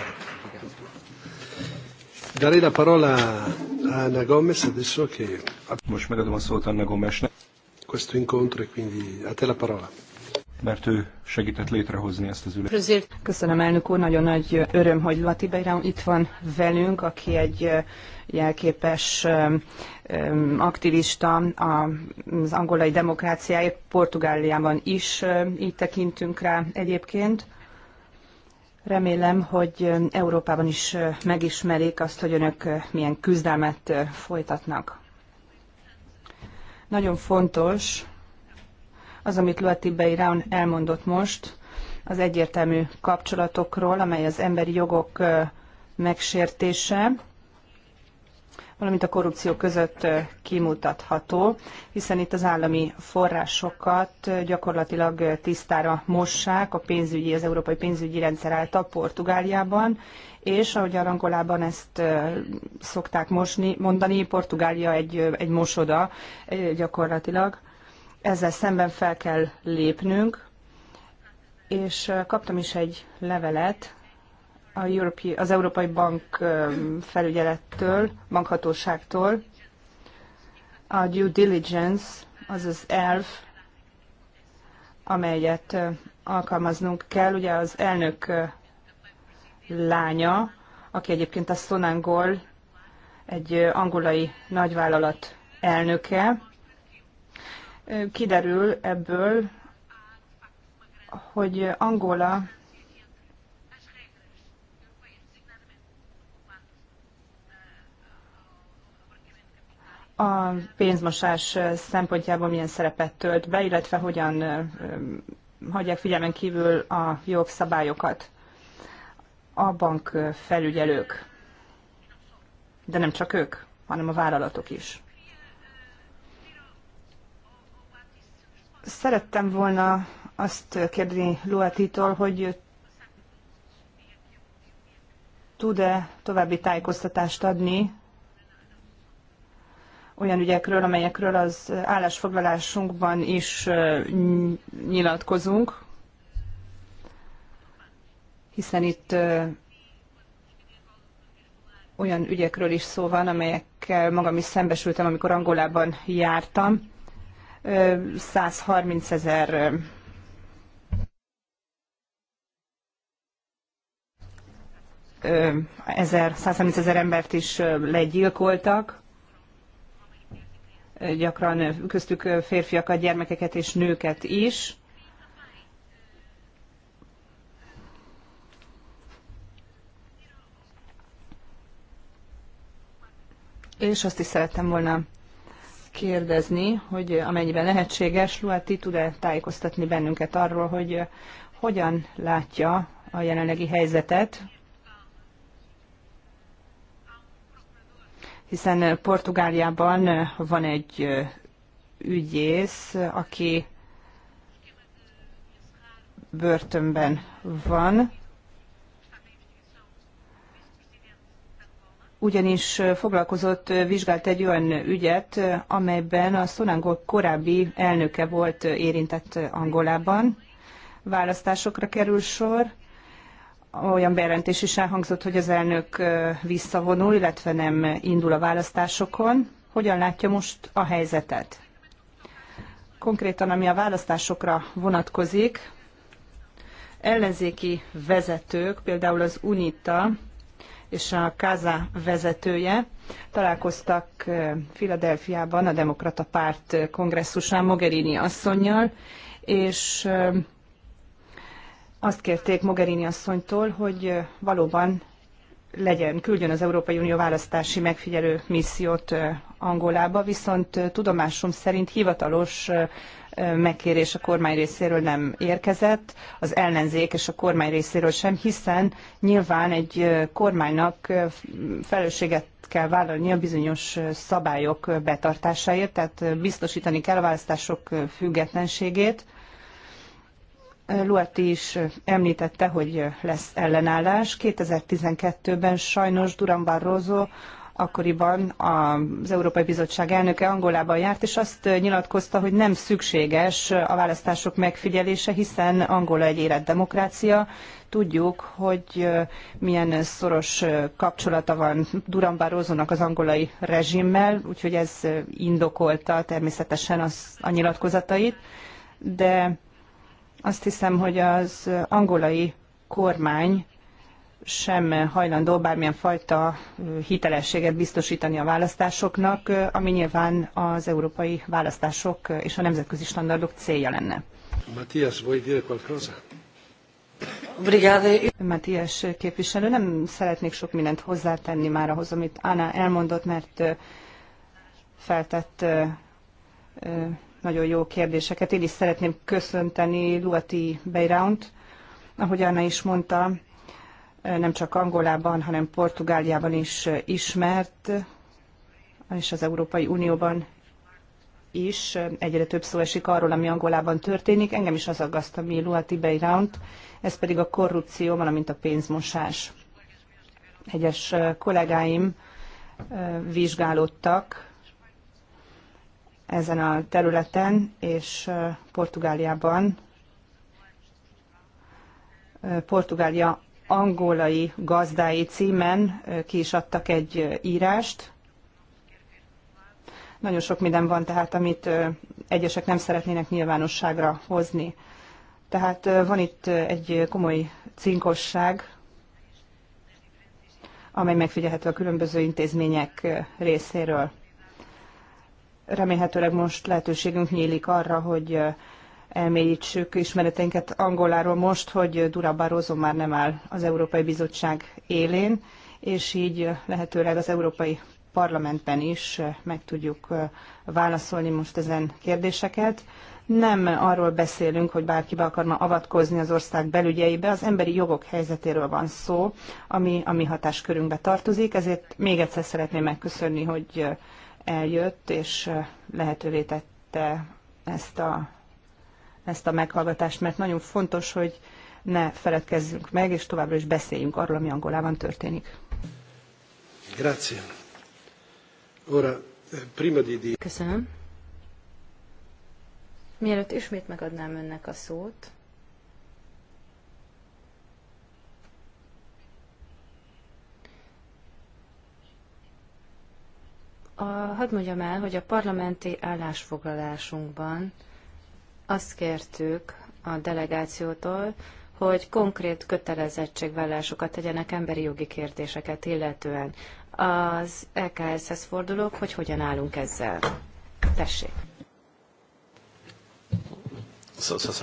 Daré la parola a Anna Gomez adesso che... Most megadom a szót Anna Gomesnek. Questo incontro e quindi a te la parola mert ő segített létrehozni ezt az ülést. Köszönöm, elnök úr, nagyon nagy öröm, hogy Lati Beirán itt van velünk, aki egy jelképes aktivista az angolai demokráciáért, Portugáliában is így tekintünk rá egyébként. Remélem, hogy Európában is megismerik azt, hogy önök milyen küzdelmet folytatnak. Nagyon fontos az, amit Luati Beiran elmondott most, az egyértelmű kapcsolatokról, amely az emberi jogok megsértése, valamint a korrupció között kimutatható, hiszen itt az állami forrásokat gyakorlatilag tisztára mossák a pénzügyi, az európai pénzügyi rendszer által Portugáliában, és ahogy a Angolában ezt szokták mosni, mondani, Portugália egy, egy mosoda gyakorlatilag. Ezzel szemben fel kell lépnünk, és kaptam is egy levelet a az Európai Bank felügyelettől, bankhatóságtól a due diligence, az az elv, amelyet alkalmaznunk kell. Ugye az elnök lánya, aki egyébként a Sonangol, egy angolai nagyvállalat elnöke, kiderül ebből, hogy Angola a pénzmosás szempontjából milyen szerepet tölt be, illetve hogyan hagyják figyelmen kívül a jogszabályokat a bank felügyelők, de nem csak ők, hanem a vállalatok is. Szerettem volna azt kérdezni Luatitól, hogy tud-e további tájékoztatást adni olyan ügyekről, amelyekről az állásfoglalásunkban is nyilatkozunk, hiszen itt olyan ügyekről is szó van, amelyekkel magam is szembesültem, amikor Angolában jártam. 130 ezer ezer, 130 ezer embert is legyilkoltak, gyakran köztük férfiakat, gyermekeket és nőket is. És azt is szerettem volna kérdezni, hogy amennyiben lehetséges, Luati tud-e tájékoztatni bennünket arról, hogy hogyan látja a jelenlegi helyzetet, hiszen Portugáliában van egy ügyész, aki börtönben van, ugyanis foglalkozott, vizsgált egy olyan ügyet, amelyben a Sonango korábbi elnöke volt érintett Angolában. Választásokra kerül sor, olyan bejelentés is elhangzott, hogy az elnök visszavonul, illetve nem indul a választásokon. Hogyan látja most a helyzetet? Konkrétan, ami a választásokra vonatkozik, ellenzéki vezetők, például az UNITA és a Káza vezetője találkoztak Filadelfiában a Demokrata Párt kongresszusán Mogherini asszonynal, és azt kérték Mogherini asszonytól, hogy valóban legyen, küldjön az Európai Unió választási megfigyelő missziót Angolába, viszont tudomásom szerint hivatalos megkérés a kormány részéről nem érkezett, az ellenzék és a kormány részéről sem, hiszen nyilván egy kormánynak felelősséget kell vállalni a bizonyos szabályok betartásáért, tehát biztosítani kell a választások függetlenségét, Luati is említette, hogy lesz ellenállás. 2012-ben sajnos Duran Barroso akkoriban az Európai Bizottság elnöke Angolában járt, és azt nyilatkozta, hogy nem szükséges a választások megfigyelése, hiszen Angola egy érett demokrácia. Tudjuk, hogy milyen szoros kapcsolata van Duran Barroso-nak az angolai rezsimmel, úgyhogy ez indokolta természetesen az, a nyilatkozatait, de azt hiszem, hogy az angolai kormány sem hajlandó bármilyen fajta hitelességet biztosítani a választásoknak, ami nyilván az európai választások és a nemzetközi standardok célja lenne. Matthias, vagy dire qualcosa? Matthias képviselő, nem szeretnék sok mindent hozzátenni már ahhoz, amit Anna elmondott, mert feltett nagyon jó kérdéseket. Én is szeretném köszönteni Luati Beiround, ahogy Anna is mondta, nem csak Angolában, hanem Portugáliában is ismert, és az Európai Unióban is egyre több szó esik arról, ami Angolában történik. Engem is az aggaszt, ami Luati Beiround, ez pedig a korrupció, valamint a pénzmosás. Egyes kollégáim vizsgálódtak ezen a területen, és Portugáliában Portugália angolai gazdái címen ki is adtak egy írást. Nagyon sok minden van tehát, amit egyesek nem szeretnének nyilvánosságra hozni. Tehát van itt egy komoly cinkosság, amely megfigyelhető a különböző intézmények részéről remélhetőleg most lehetőségünk nyílik arra, hogy elmélyítsük ismereteinket Angoláról most, hogy Dura Barroso már nem áll az Európai Bizottság élén, és így lehetőleg az Európai Parlamentben is meg tudjuk válaszolni most ezen kérdéseket. Nem arról beszélünk, hogy bárki be akarna avatkozni az ország belügyeibe, az emberi jogok helyzetéről van szó, ami a mi hatáskörünkbe tartozik, ezért még egyszer szeretném megköszönni, hogy eljött, és lehetővé tette ezt a, ezt a meghallgatást, mert nagyon fontos, hogy ne feledkezzünk meg, és továbbra is beszéljünk arról, ami Angolában történik. Grazie. Ora, eh, prima di... Köszönöm. Mielőtt ismét megadnám önnek a szót, A, hadd mondjam el, hogy a parlamenti állásfoglalásunkban azt kértük a delegációtól, hogy konkrét kötelezettségvállásokat tegyenek emberi jogi kérdéseket illetően. Az EKS-hez fordulok, hogy hogyan állunk ezzel. Tessék.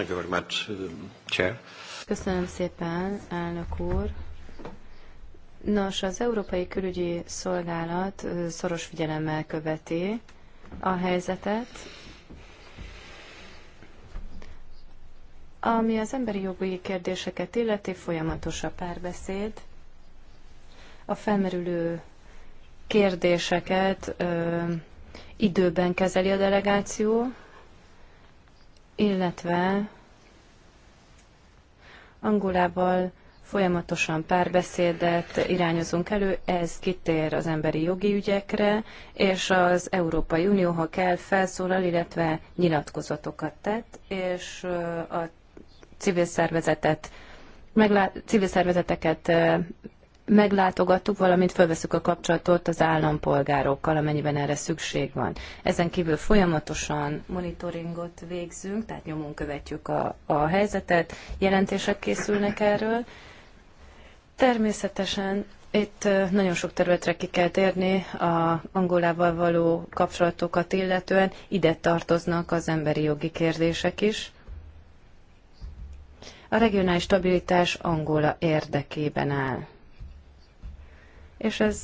Um, Chair. Köszönöm szépen, elnök úr. Nos, az Európai Külügyi Szolgálat szoros figyelemmel követi a helyzetet, Ami az emberi jogi kérdéseket illeti, folyamatos a párbeszéd. A felmerülő kérdéseket ö, időben kezeli a delegáció, illetve Angolával Folyamatosan párbeszédet irányozunk elő, ez kitér az emberi jogi ügyekre, és az Európai Unió, ha kell, felszólal, illetve nyilatkozatokat tett, és a civil szervezetet meglá- civil szervezeteket meglátogattuk, valamint felveszük a kapcsolatot az állampolgárokkal, amennyiben erre szükség van. Ezen kívül folyamatosan monitoringot végzünk, tehát nyomon követjük a, a helyzetet, jelentések készülnek erről, Természetesen itt nagyon sok területre ki kell térni, a Angolával való kapcsolatokat illetően ide tartoznak az emberi jogi kérdések is. A regionális stabilitás Angola érdekében áll. És ez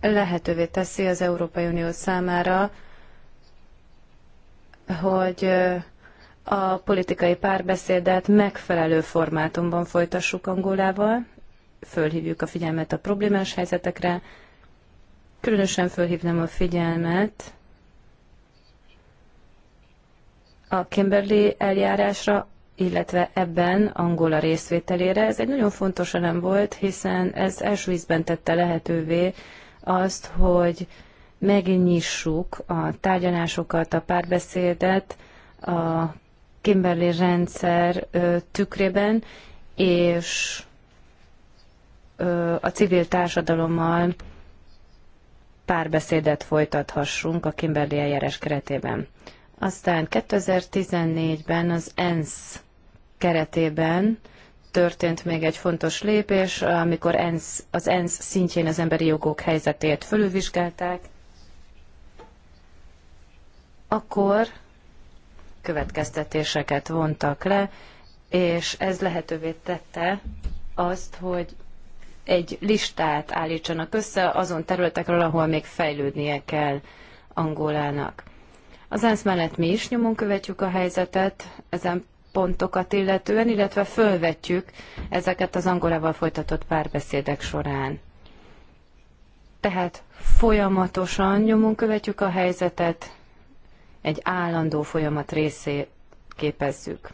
lehetővé teszi az Európai Unió számára, hogy a politikai párbeszédet megfelelő formátumban folytassuk Angolával, fölhívjuk a figyelmet a problémás helyzetekre, különösen fölhívnám a figyelmet a Kimberley eljárásra, illetve ebben Angola részvételére. Ez egy nagyon fontos elem volt, hiszen ez első ízben tette lehetővé azt, hogy megnyissuk a tárgyalásokat, a párbeszédet a Kimberley rendszer tükrében, és a civil társadalommal párbeszédet folytathassunk a Kimberley eljárás keretében. Aztán 2014-ben az ENSZ keretében történt még egy fontos lépés, amikor ENSZ, az ENSZ szintjén az emberi jogok helyzetét fölülvizsgálták. Akkor következtetéseket vontak le, és ez lehetővé tette azt, hogy egy listát állítsanak össze azon területekről, ahol még fejlődnie kell Angolának. Az ENSZ mellett mi is nyomon követjük a helyzetet ezen pontokat illetően, illetve fölvetjük ezeket az Angolával folytatott párbeszédek során. Tehát folyamatosan nyomon követjük a helyzetet, egy állandó folyamat részé képezzük.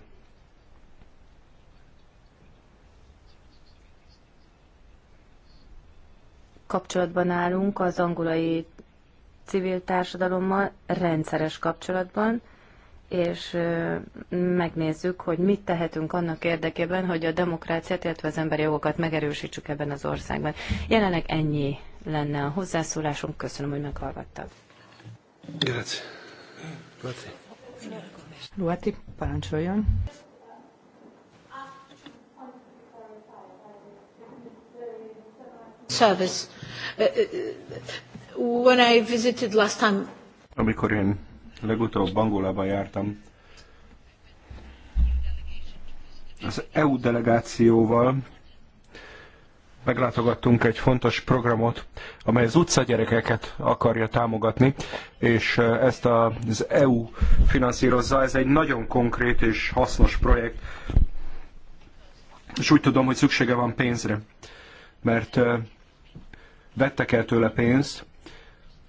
Kapcsolatban állunk az angolai civil társadalommal, rendszeres kapcsolatban, és megnézzük, hogy mit tehetünk annak érdekében, hogy a demokráciát, illetve az emberi jogokat megerősítsük ebben az országban. Jelenleg ennyi lenne a hozzászólásunk. Köszönöm, hogy meghallgattak. Grazie. Luati. Luati, parancsoljon. Service. Uh, uh, when I visited last time... Amikor én legutóbb Angolában jártam, az EU delegációval meglátogattunk egy fontos programot, amely az utcagyerekeket akarja támogatni, és ezt az EU finanszírozza. Ez egy nagyon konkrét és hasznos projekt, és úgy tudom, hogy szüksége van pénzre, mert vettek el tőle pénzt,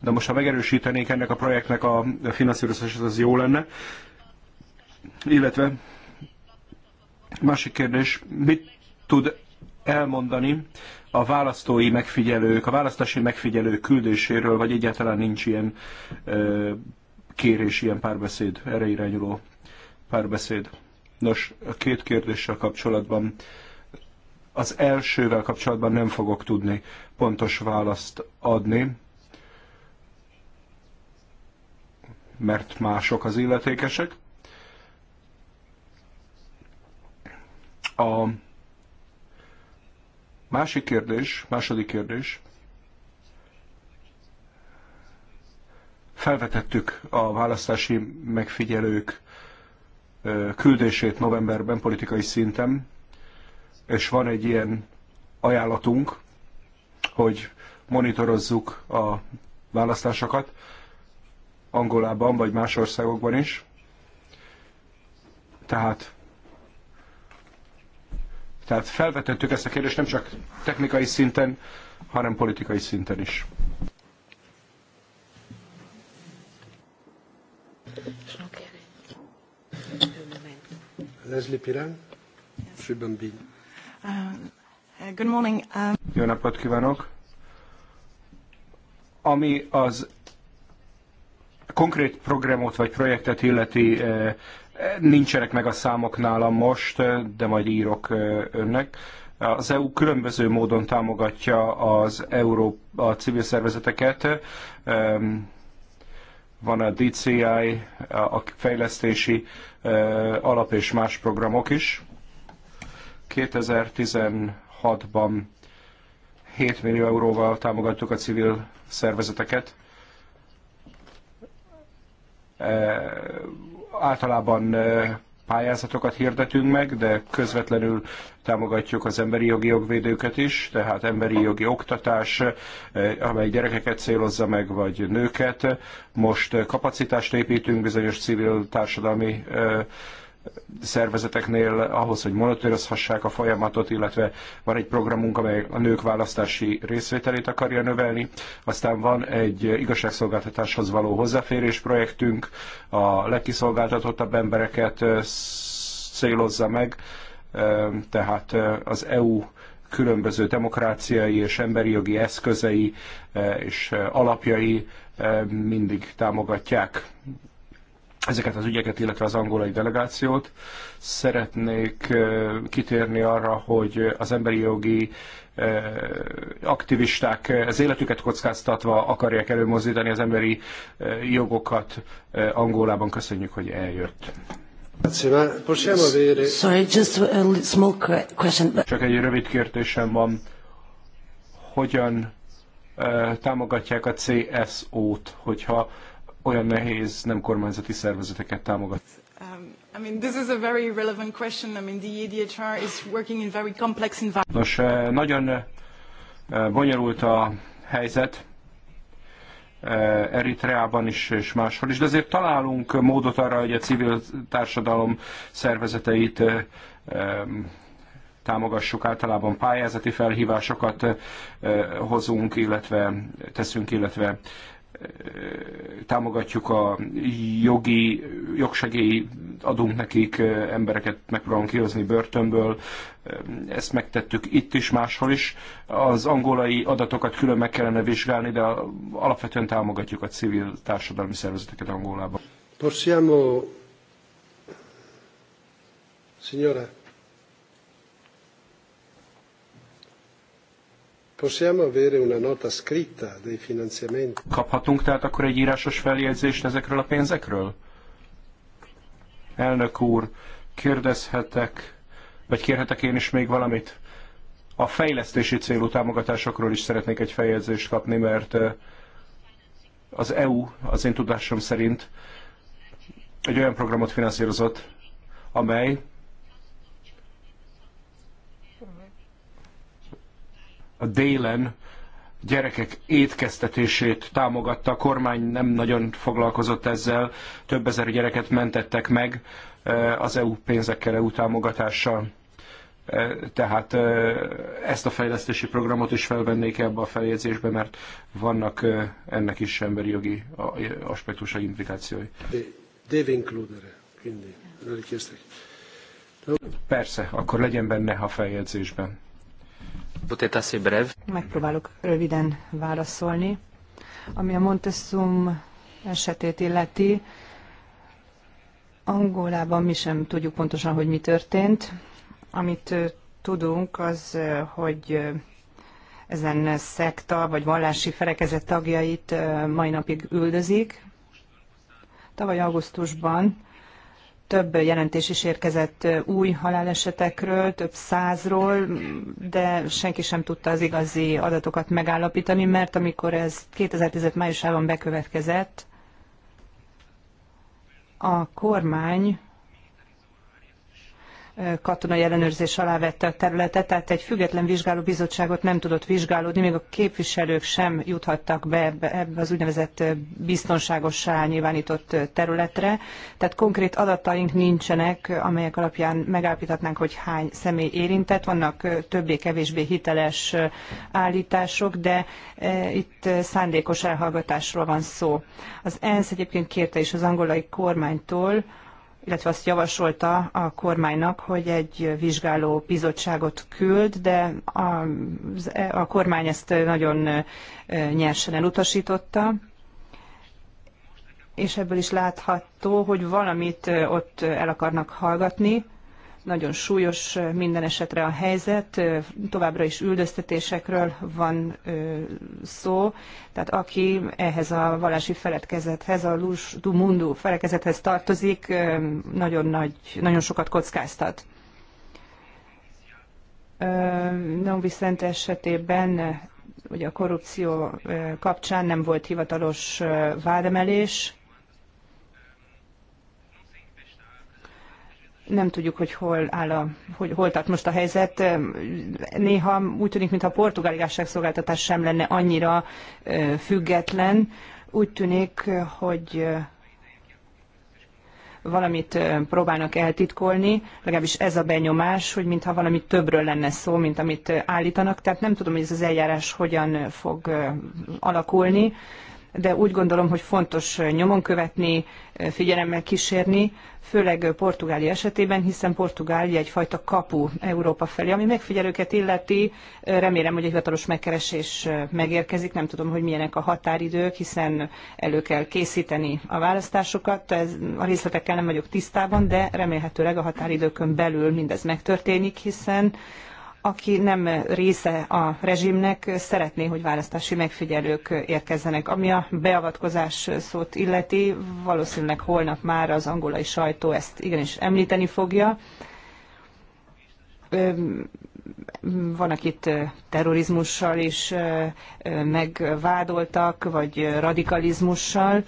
de most ha megerősítenék ennek a projektnek a finanszírozását, az jó lenne. Illetve másik kérdés, mit tud elmondani a választói megfigyelők, a választási megfigyelők küldéséről, vagy egyáltalán nincs ilyen ö, kérés, ilyen párbeszéd, erre irányuló párbeszéd. Nos, a két kérdéssel kapcsolatban az elsővel kapcsolatban nem fogok tudni pontos választ adni, mert mások az illetékesek. A Másik kérdés, második kérdés. Felvetettük a választási megfigyelők küldését novemberben politikai szinten, és van egy ilyen ajánlatunk, hogy monitorozzuk a választásokat Angolában vagy más országokban is. Tehát tehát felvetettük ezt a kérdést nem csak technikai szinten, hanem politikai szinten is. Leslie Piran, Sübben uh, Good morning. Um, Jó napot kívánok! Ami az konkrét programot vagy projektet illeti eh, nincsenek meg a számok nálam most, de majd írok önnek. Az EU különböző módon támogatja az Euró, a civil szervezeteket. Van a DCI, a fejlesztési alap és más programok is. 2016-ban 7 millió euróval támogattuk a civil szervezeteket általában pályázatokat hirdetünk meg, de közvetlenül támogatjuk az emberi jogi jogvédőket is, tehát emberi jogi oktatás, amely gyerekeket célozza meg, vagy nőket. Most kapacitást építünk bizonyos civil társadalmi szervezeteknél ahhoz, hogy monitorozhassák a folyamatot, illetve van egy programunk, amely a nők választási részvételét akarja növelni. Aztán van egy igazságszolgáltatáshoz való hozzáférés projektünk, a legkiszolgáltatottabb embereket célozza meg, tehát az EU különböző demokráciai és emberi jogi eszközei és alapjai mindig támogatják ezeket az ügyeket, illetve az angolai delegációt. Szeretnék kitérni arra, hogy az emberi jogi aktivisták az életüket kockáztatva akarják előmozdítani az emberi jogokat Angolában. Köszönjük, hogy eljött. Sorry, just a small question. Csak egy rövid kérdésem van. Hogyan támogatják a CSO-t, hogyha olyan nehéz nem kormányzati szervezeteket támogatni? Um, I mean, this is a very relevant question. I mean, the EDHR is working in very complex environment. Nos, eh, nagyon eh, bonyolult a helyzet eh, Eritreában is és máshol is, de azért találunk módot arra, hogy a civil társadalom szervezeteit támogassuk, általában pályázati felhívásokat hozunk, illetve teszünk, illetve támogatjuk a jogi, jogsegély, adunk nekik embereket, megpróbálunk kihozni börtönből, ezt megtettük itt is, máshol is. Az angolai adatokat külön meg kellene vizsgálni, de alapvetően támogatjuk a civil társadalmi szervezeteket Angolában. Possiamo... Signora. Kaphatunk tehát akkor egy írásos feljegyzést ezekről a pénzekről? Elnök úr, kérdezhetek, vagy kérhetek én is még valamit? A fejlesztési célú támogatásokról is szeretnék egy feljegyzést kapni, mert az EU, az én tudásom szerint, egy olyan programot finanszírozott, amely a délen gyerekek étkeztetését támogatta. A kormány nem nagyon foglalkozott ezzel, több ezer gyereket mentettek meg az EU pénzekkel, EU támogatással. Tehát ezt a fejlesztési programot is felvennék ebbe a feljegyzésbe, mert vannak ennek is emberi jogi aspektusai, implikációi. Deve includere, quindi, Persze, akkor legyen benne a feljegyzésben. Megpróbálok röviden válaszolni. Ami a Montessum esetét illeti, Angolában mi sem tudjuk pontosan, hogy mi történt. Amit tudunk, az, hogy ezen szekta vagy vallási felekezet tagjait mai napig üldözik. Tavaly augusztusban több jelentés is érkezett új halálesetekről, több százról, de senki sem tudta az igazi adatokat megállapítani, mert amikor ez 2010 májusában bekövetkezett, a kormány katonai ellenőrzés alá vette a területet, tehát egy független vizsgáló bizottságot nem tudott vizsgálódni, még a képviselők sem juthattak be ebbe az úgynevezett biztonságossá nyilvánított területre. Tehát konkrét adataink nincsenek, amelyek alapján megállapíthatnánk, hogy hány személy érintett. Vannak többé-kevésbé hiteles állítások, de itt szándékos elhallgatásról van szó. Az ENSZ egyébként kérte is az angolai kormánytól, illetve azt javasolta a kormánynak, hogy egy vizsgáló bizottságot küld, de a, e- a kormány ezt nagyon e, nyersen elutasította, és ebből is látható, hogy valamit e, ott el akarnak hallgatni, nagyon súlyos minden esetre a helyzet, továbbra is üldöztetésekről van szó, tehát aki ehhez a valási feledkezethez, a Lus du Mundu felekezethez tartozik, nagyon, nagy, nagyon sokat kockáztat. Naomi viszont esetében ugye a korrupció kapcsán nem volt hivatalos vádemelés, nem tudjuk, hogy hol áll a, hogy hol tart most a helyzet. Néha úgy tűnik, mintha a portugál igazságszolgáltatás sem lenne annyira független. Úgy tűnik, hogy valamit próbálnak eltitkolni, legalábbis ez a benyomás, hogy mintha valami többről lenne szó, mint amit állítanak. Tehát nem tudom, hogy ez az eljárás hogyan fog alakulni de úgy gondolom, hogy fontos nyomon követni, figyelemmel kísérni, főleg Portugália esetében, hiszen Portugália egyfajta kapu Európa felé. Ami megfigyelőket illeti, remélem, hogy egy hivatalos megkeresés megérkezik, nem tudom, hogy milyenek a határidők, hiszen elő kell készíteni a választásokat, Ez, a részletekkel nem vagyok tisztában, de remélhetőleg a határidőkön belül mindez megtörténik, hiszen aki nem része a rezsimnek, szeretné, hogy választási megfigyelők érkezzenek. Ami a beavatkozás szót illeti, valószínűleg holnap már az angolai sajtó ezt igenis említeni fogja. Vannak itt terrorizmussal is megvádoltak, vagy radikalizmussal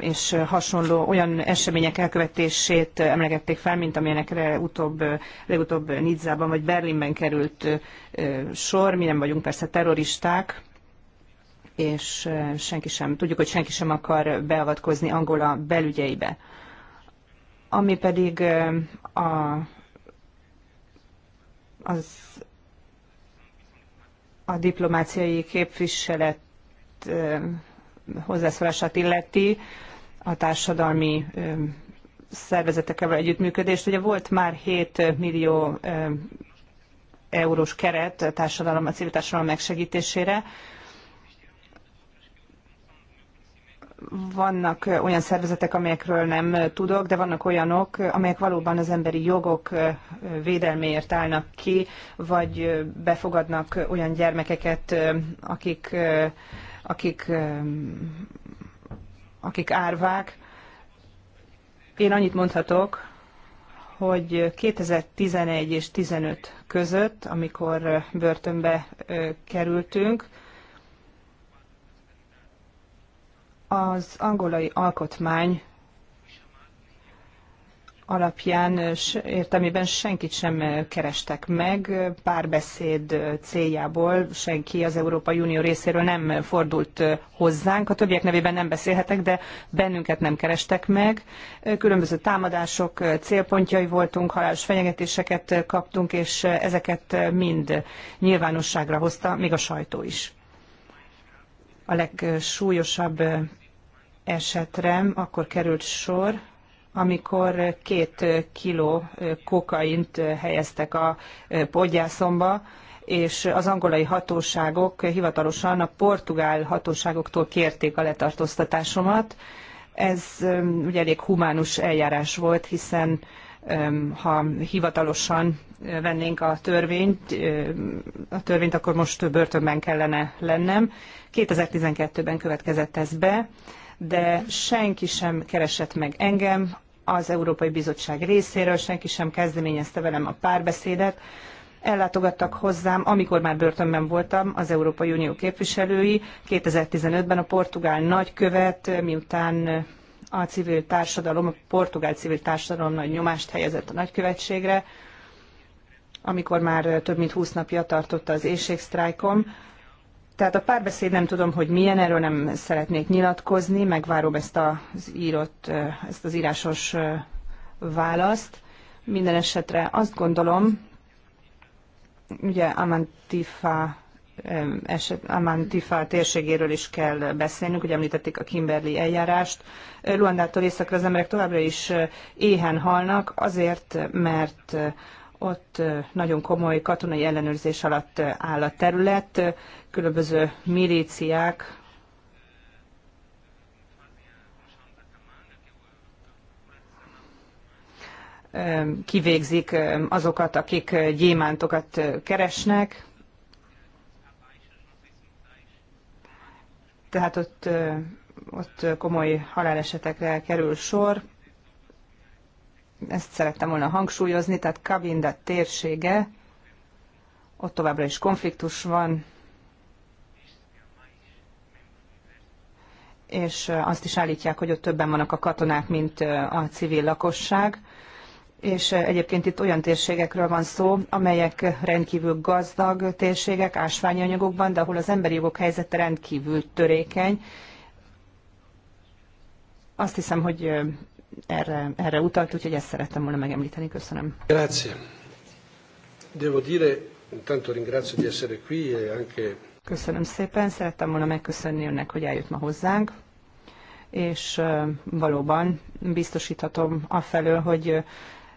és hasonló olyan események elkövetését emlegették fel, mint amilyenekre utóbb, legutóbb Nizzában vagy Berlinben került sor. Mi nem vagyunk persze terroristák, és senki sem, tudjuk, hogy senki sem akar beavatkozni Angola belügyeibe. Ami pedig a, az, a diplomáciai képviselet hozzászólását illeti, a társadalmi szervezetekkel együttműködést. Ugye volt már 7 millió eurós keret a társadalom, a civil társadalom megsegítésére. Vannak olyan szervezetek, amelyekről nem tudok, de vannak olyanok, amelyek valóban az emberi jogok védelméért állnak ki, vagy befogadnak olyan gyermekeket, akik akik, akik árvák. Én annyit mondhatok, hogy 2011 és 15 között, amikor börtönbe kerültünk, az angolai alkotmány alapján eh, értelmében senkit sem eh, kerestek meg, párbeszéd eh, céljából senki az Európai Unió részéről nem fordult hozzánk, a többiek nevében nem beszélhetek, de bennünket nem kerestek meg. Különböző támadások célpontjai voltunk, halálos fenyegetéseket kaptunk, és ezeket mind nyilvánosságra hozta, még a sajtó is. A legsúlyosabb esetre akkor került sor, amikor két kiló kokaint helyeztek a podgyászomba, és az angolai hatóságok hivatalosan a portugál hatóságoktól kérték a letartóztatásomat. Ez um, ugye elég humánus eljárás volt, hiszen um, ha hivatalosan vennénk a törvényt, um, a törvényt, akkor most börtönben kellene lennem. 2012-ben következett ez be, de senki sem keresett meg engem, az Európai Bizottság részéről, senki sem kezdeményezte velem a párbeszédet. Ellátogattak hozzám, amikor már börtönben voltam, az Európai Unió képviselői, 2015-ben a portugál nagykövet, miután a civil társadalom, a portugál civil társadalom nagy nyomást helyezett a nagykövetségre, amikor már több mint 20 napja tartotta az éjségsztrájkom, tehát a párbeszéd nem tudom, hogy milyen, erről nem szeretnék nyilatkozni, megvárom ezt az írott, ezt az írásos választ. Minden esetre azt gondolom, ugye Amantifa, eset, Amantifa térségéről is kell beszélnünk, ugye említették a Kimberley eljárást. Luandától északra az emberek továbbra is éhen halnak, azért, mert ott nagyon komoly katonai ellenőrzés alatt áll a terület, különböző milíciák, kivégzik azokat, akik gyémántokat keresnek. Tehát ott, ott komoly halálesetekre kerül sor ezt szerettem volna hangsúlyozni, tehát Kavinda térsége, ott továbbra is konfliktus van, és azt is állítják, hogy ott többen vannak a katonák, mint a civil lakosság. És egyébként itt olyan térségekről van szó, amelyek rendkívül gazdag térségek, ásványanyagokban, de ahol az emberi jogok helyzete rendkívül törékeny. Azt hiszem, hogy erre, erre utalt, úgyhogy ezt szerettem volna megemlíteni. Köszönöm. Grazie. Devo dire, intanto ringrazio di essere qui e anche... Köszönöm szépen, szerettem volna megköszönni önnek, hogy eljött ma hozzánk, és valóban biztosíthatom afelől, hogy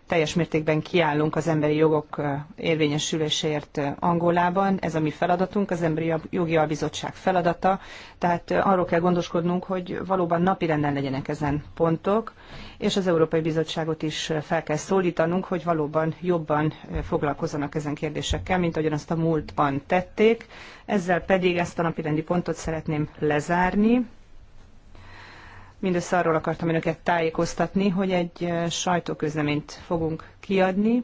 teljes mértékben kiállunk az emberi jogok érvényesüléséért Angolában. Ez a mi feladatunk, az Emberi Jogi Albizottság feladata. Tehát arról kell gondoskodnunk, hogy valóban napirenden legyenek ezen pontok, és az Európai Bizottságot is fel kell szólítanunk, hogy valóban jobban foglalkozzanak ezen kérdésekkel, mint ahogyan azt a múltban tették. Ezzel pedig ezt a napirendi pontot szeretném lezárni Mindössze arról akartam önöket tájékoztatni, hogy egy sajtóközleményt fogunk kiadni,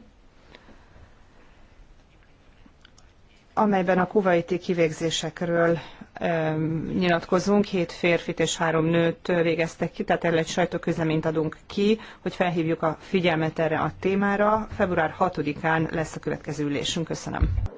amelyben a kuvaiti kivégzésekről nyilatkozunk. Hét férfit és három nőt végeztek ki, tehát erre egy sajtóközleményt adunk ki, hogy felhívjuk a figyelmet erre a témára. Február 6-án lesz a következő ülésünk. Köszönöm.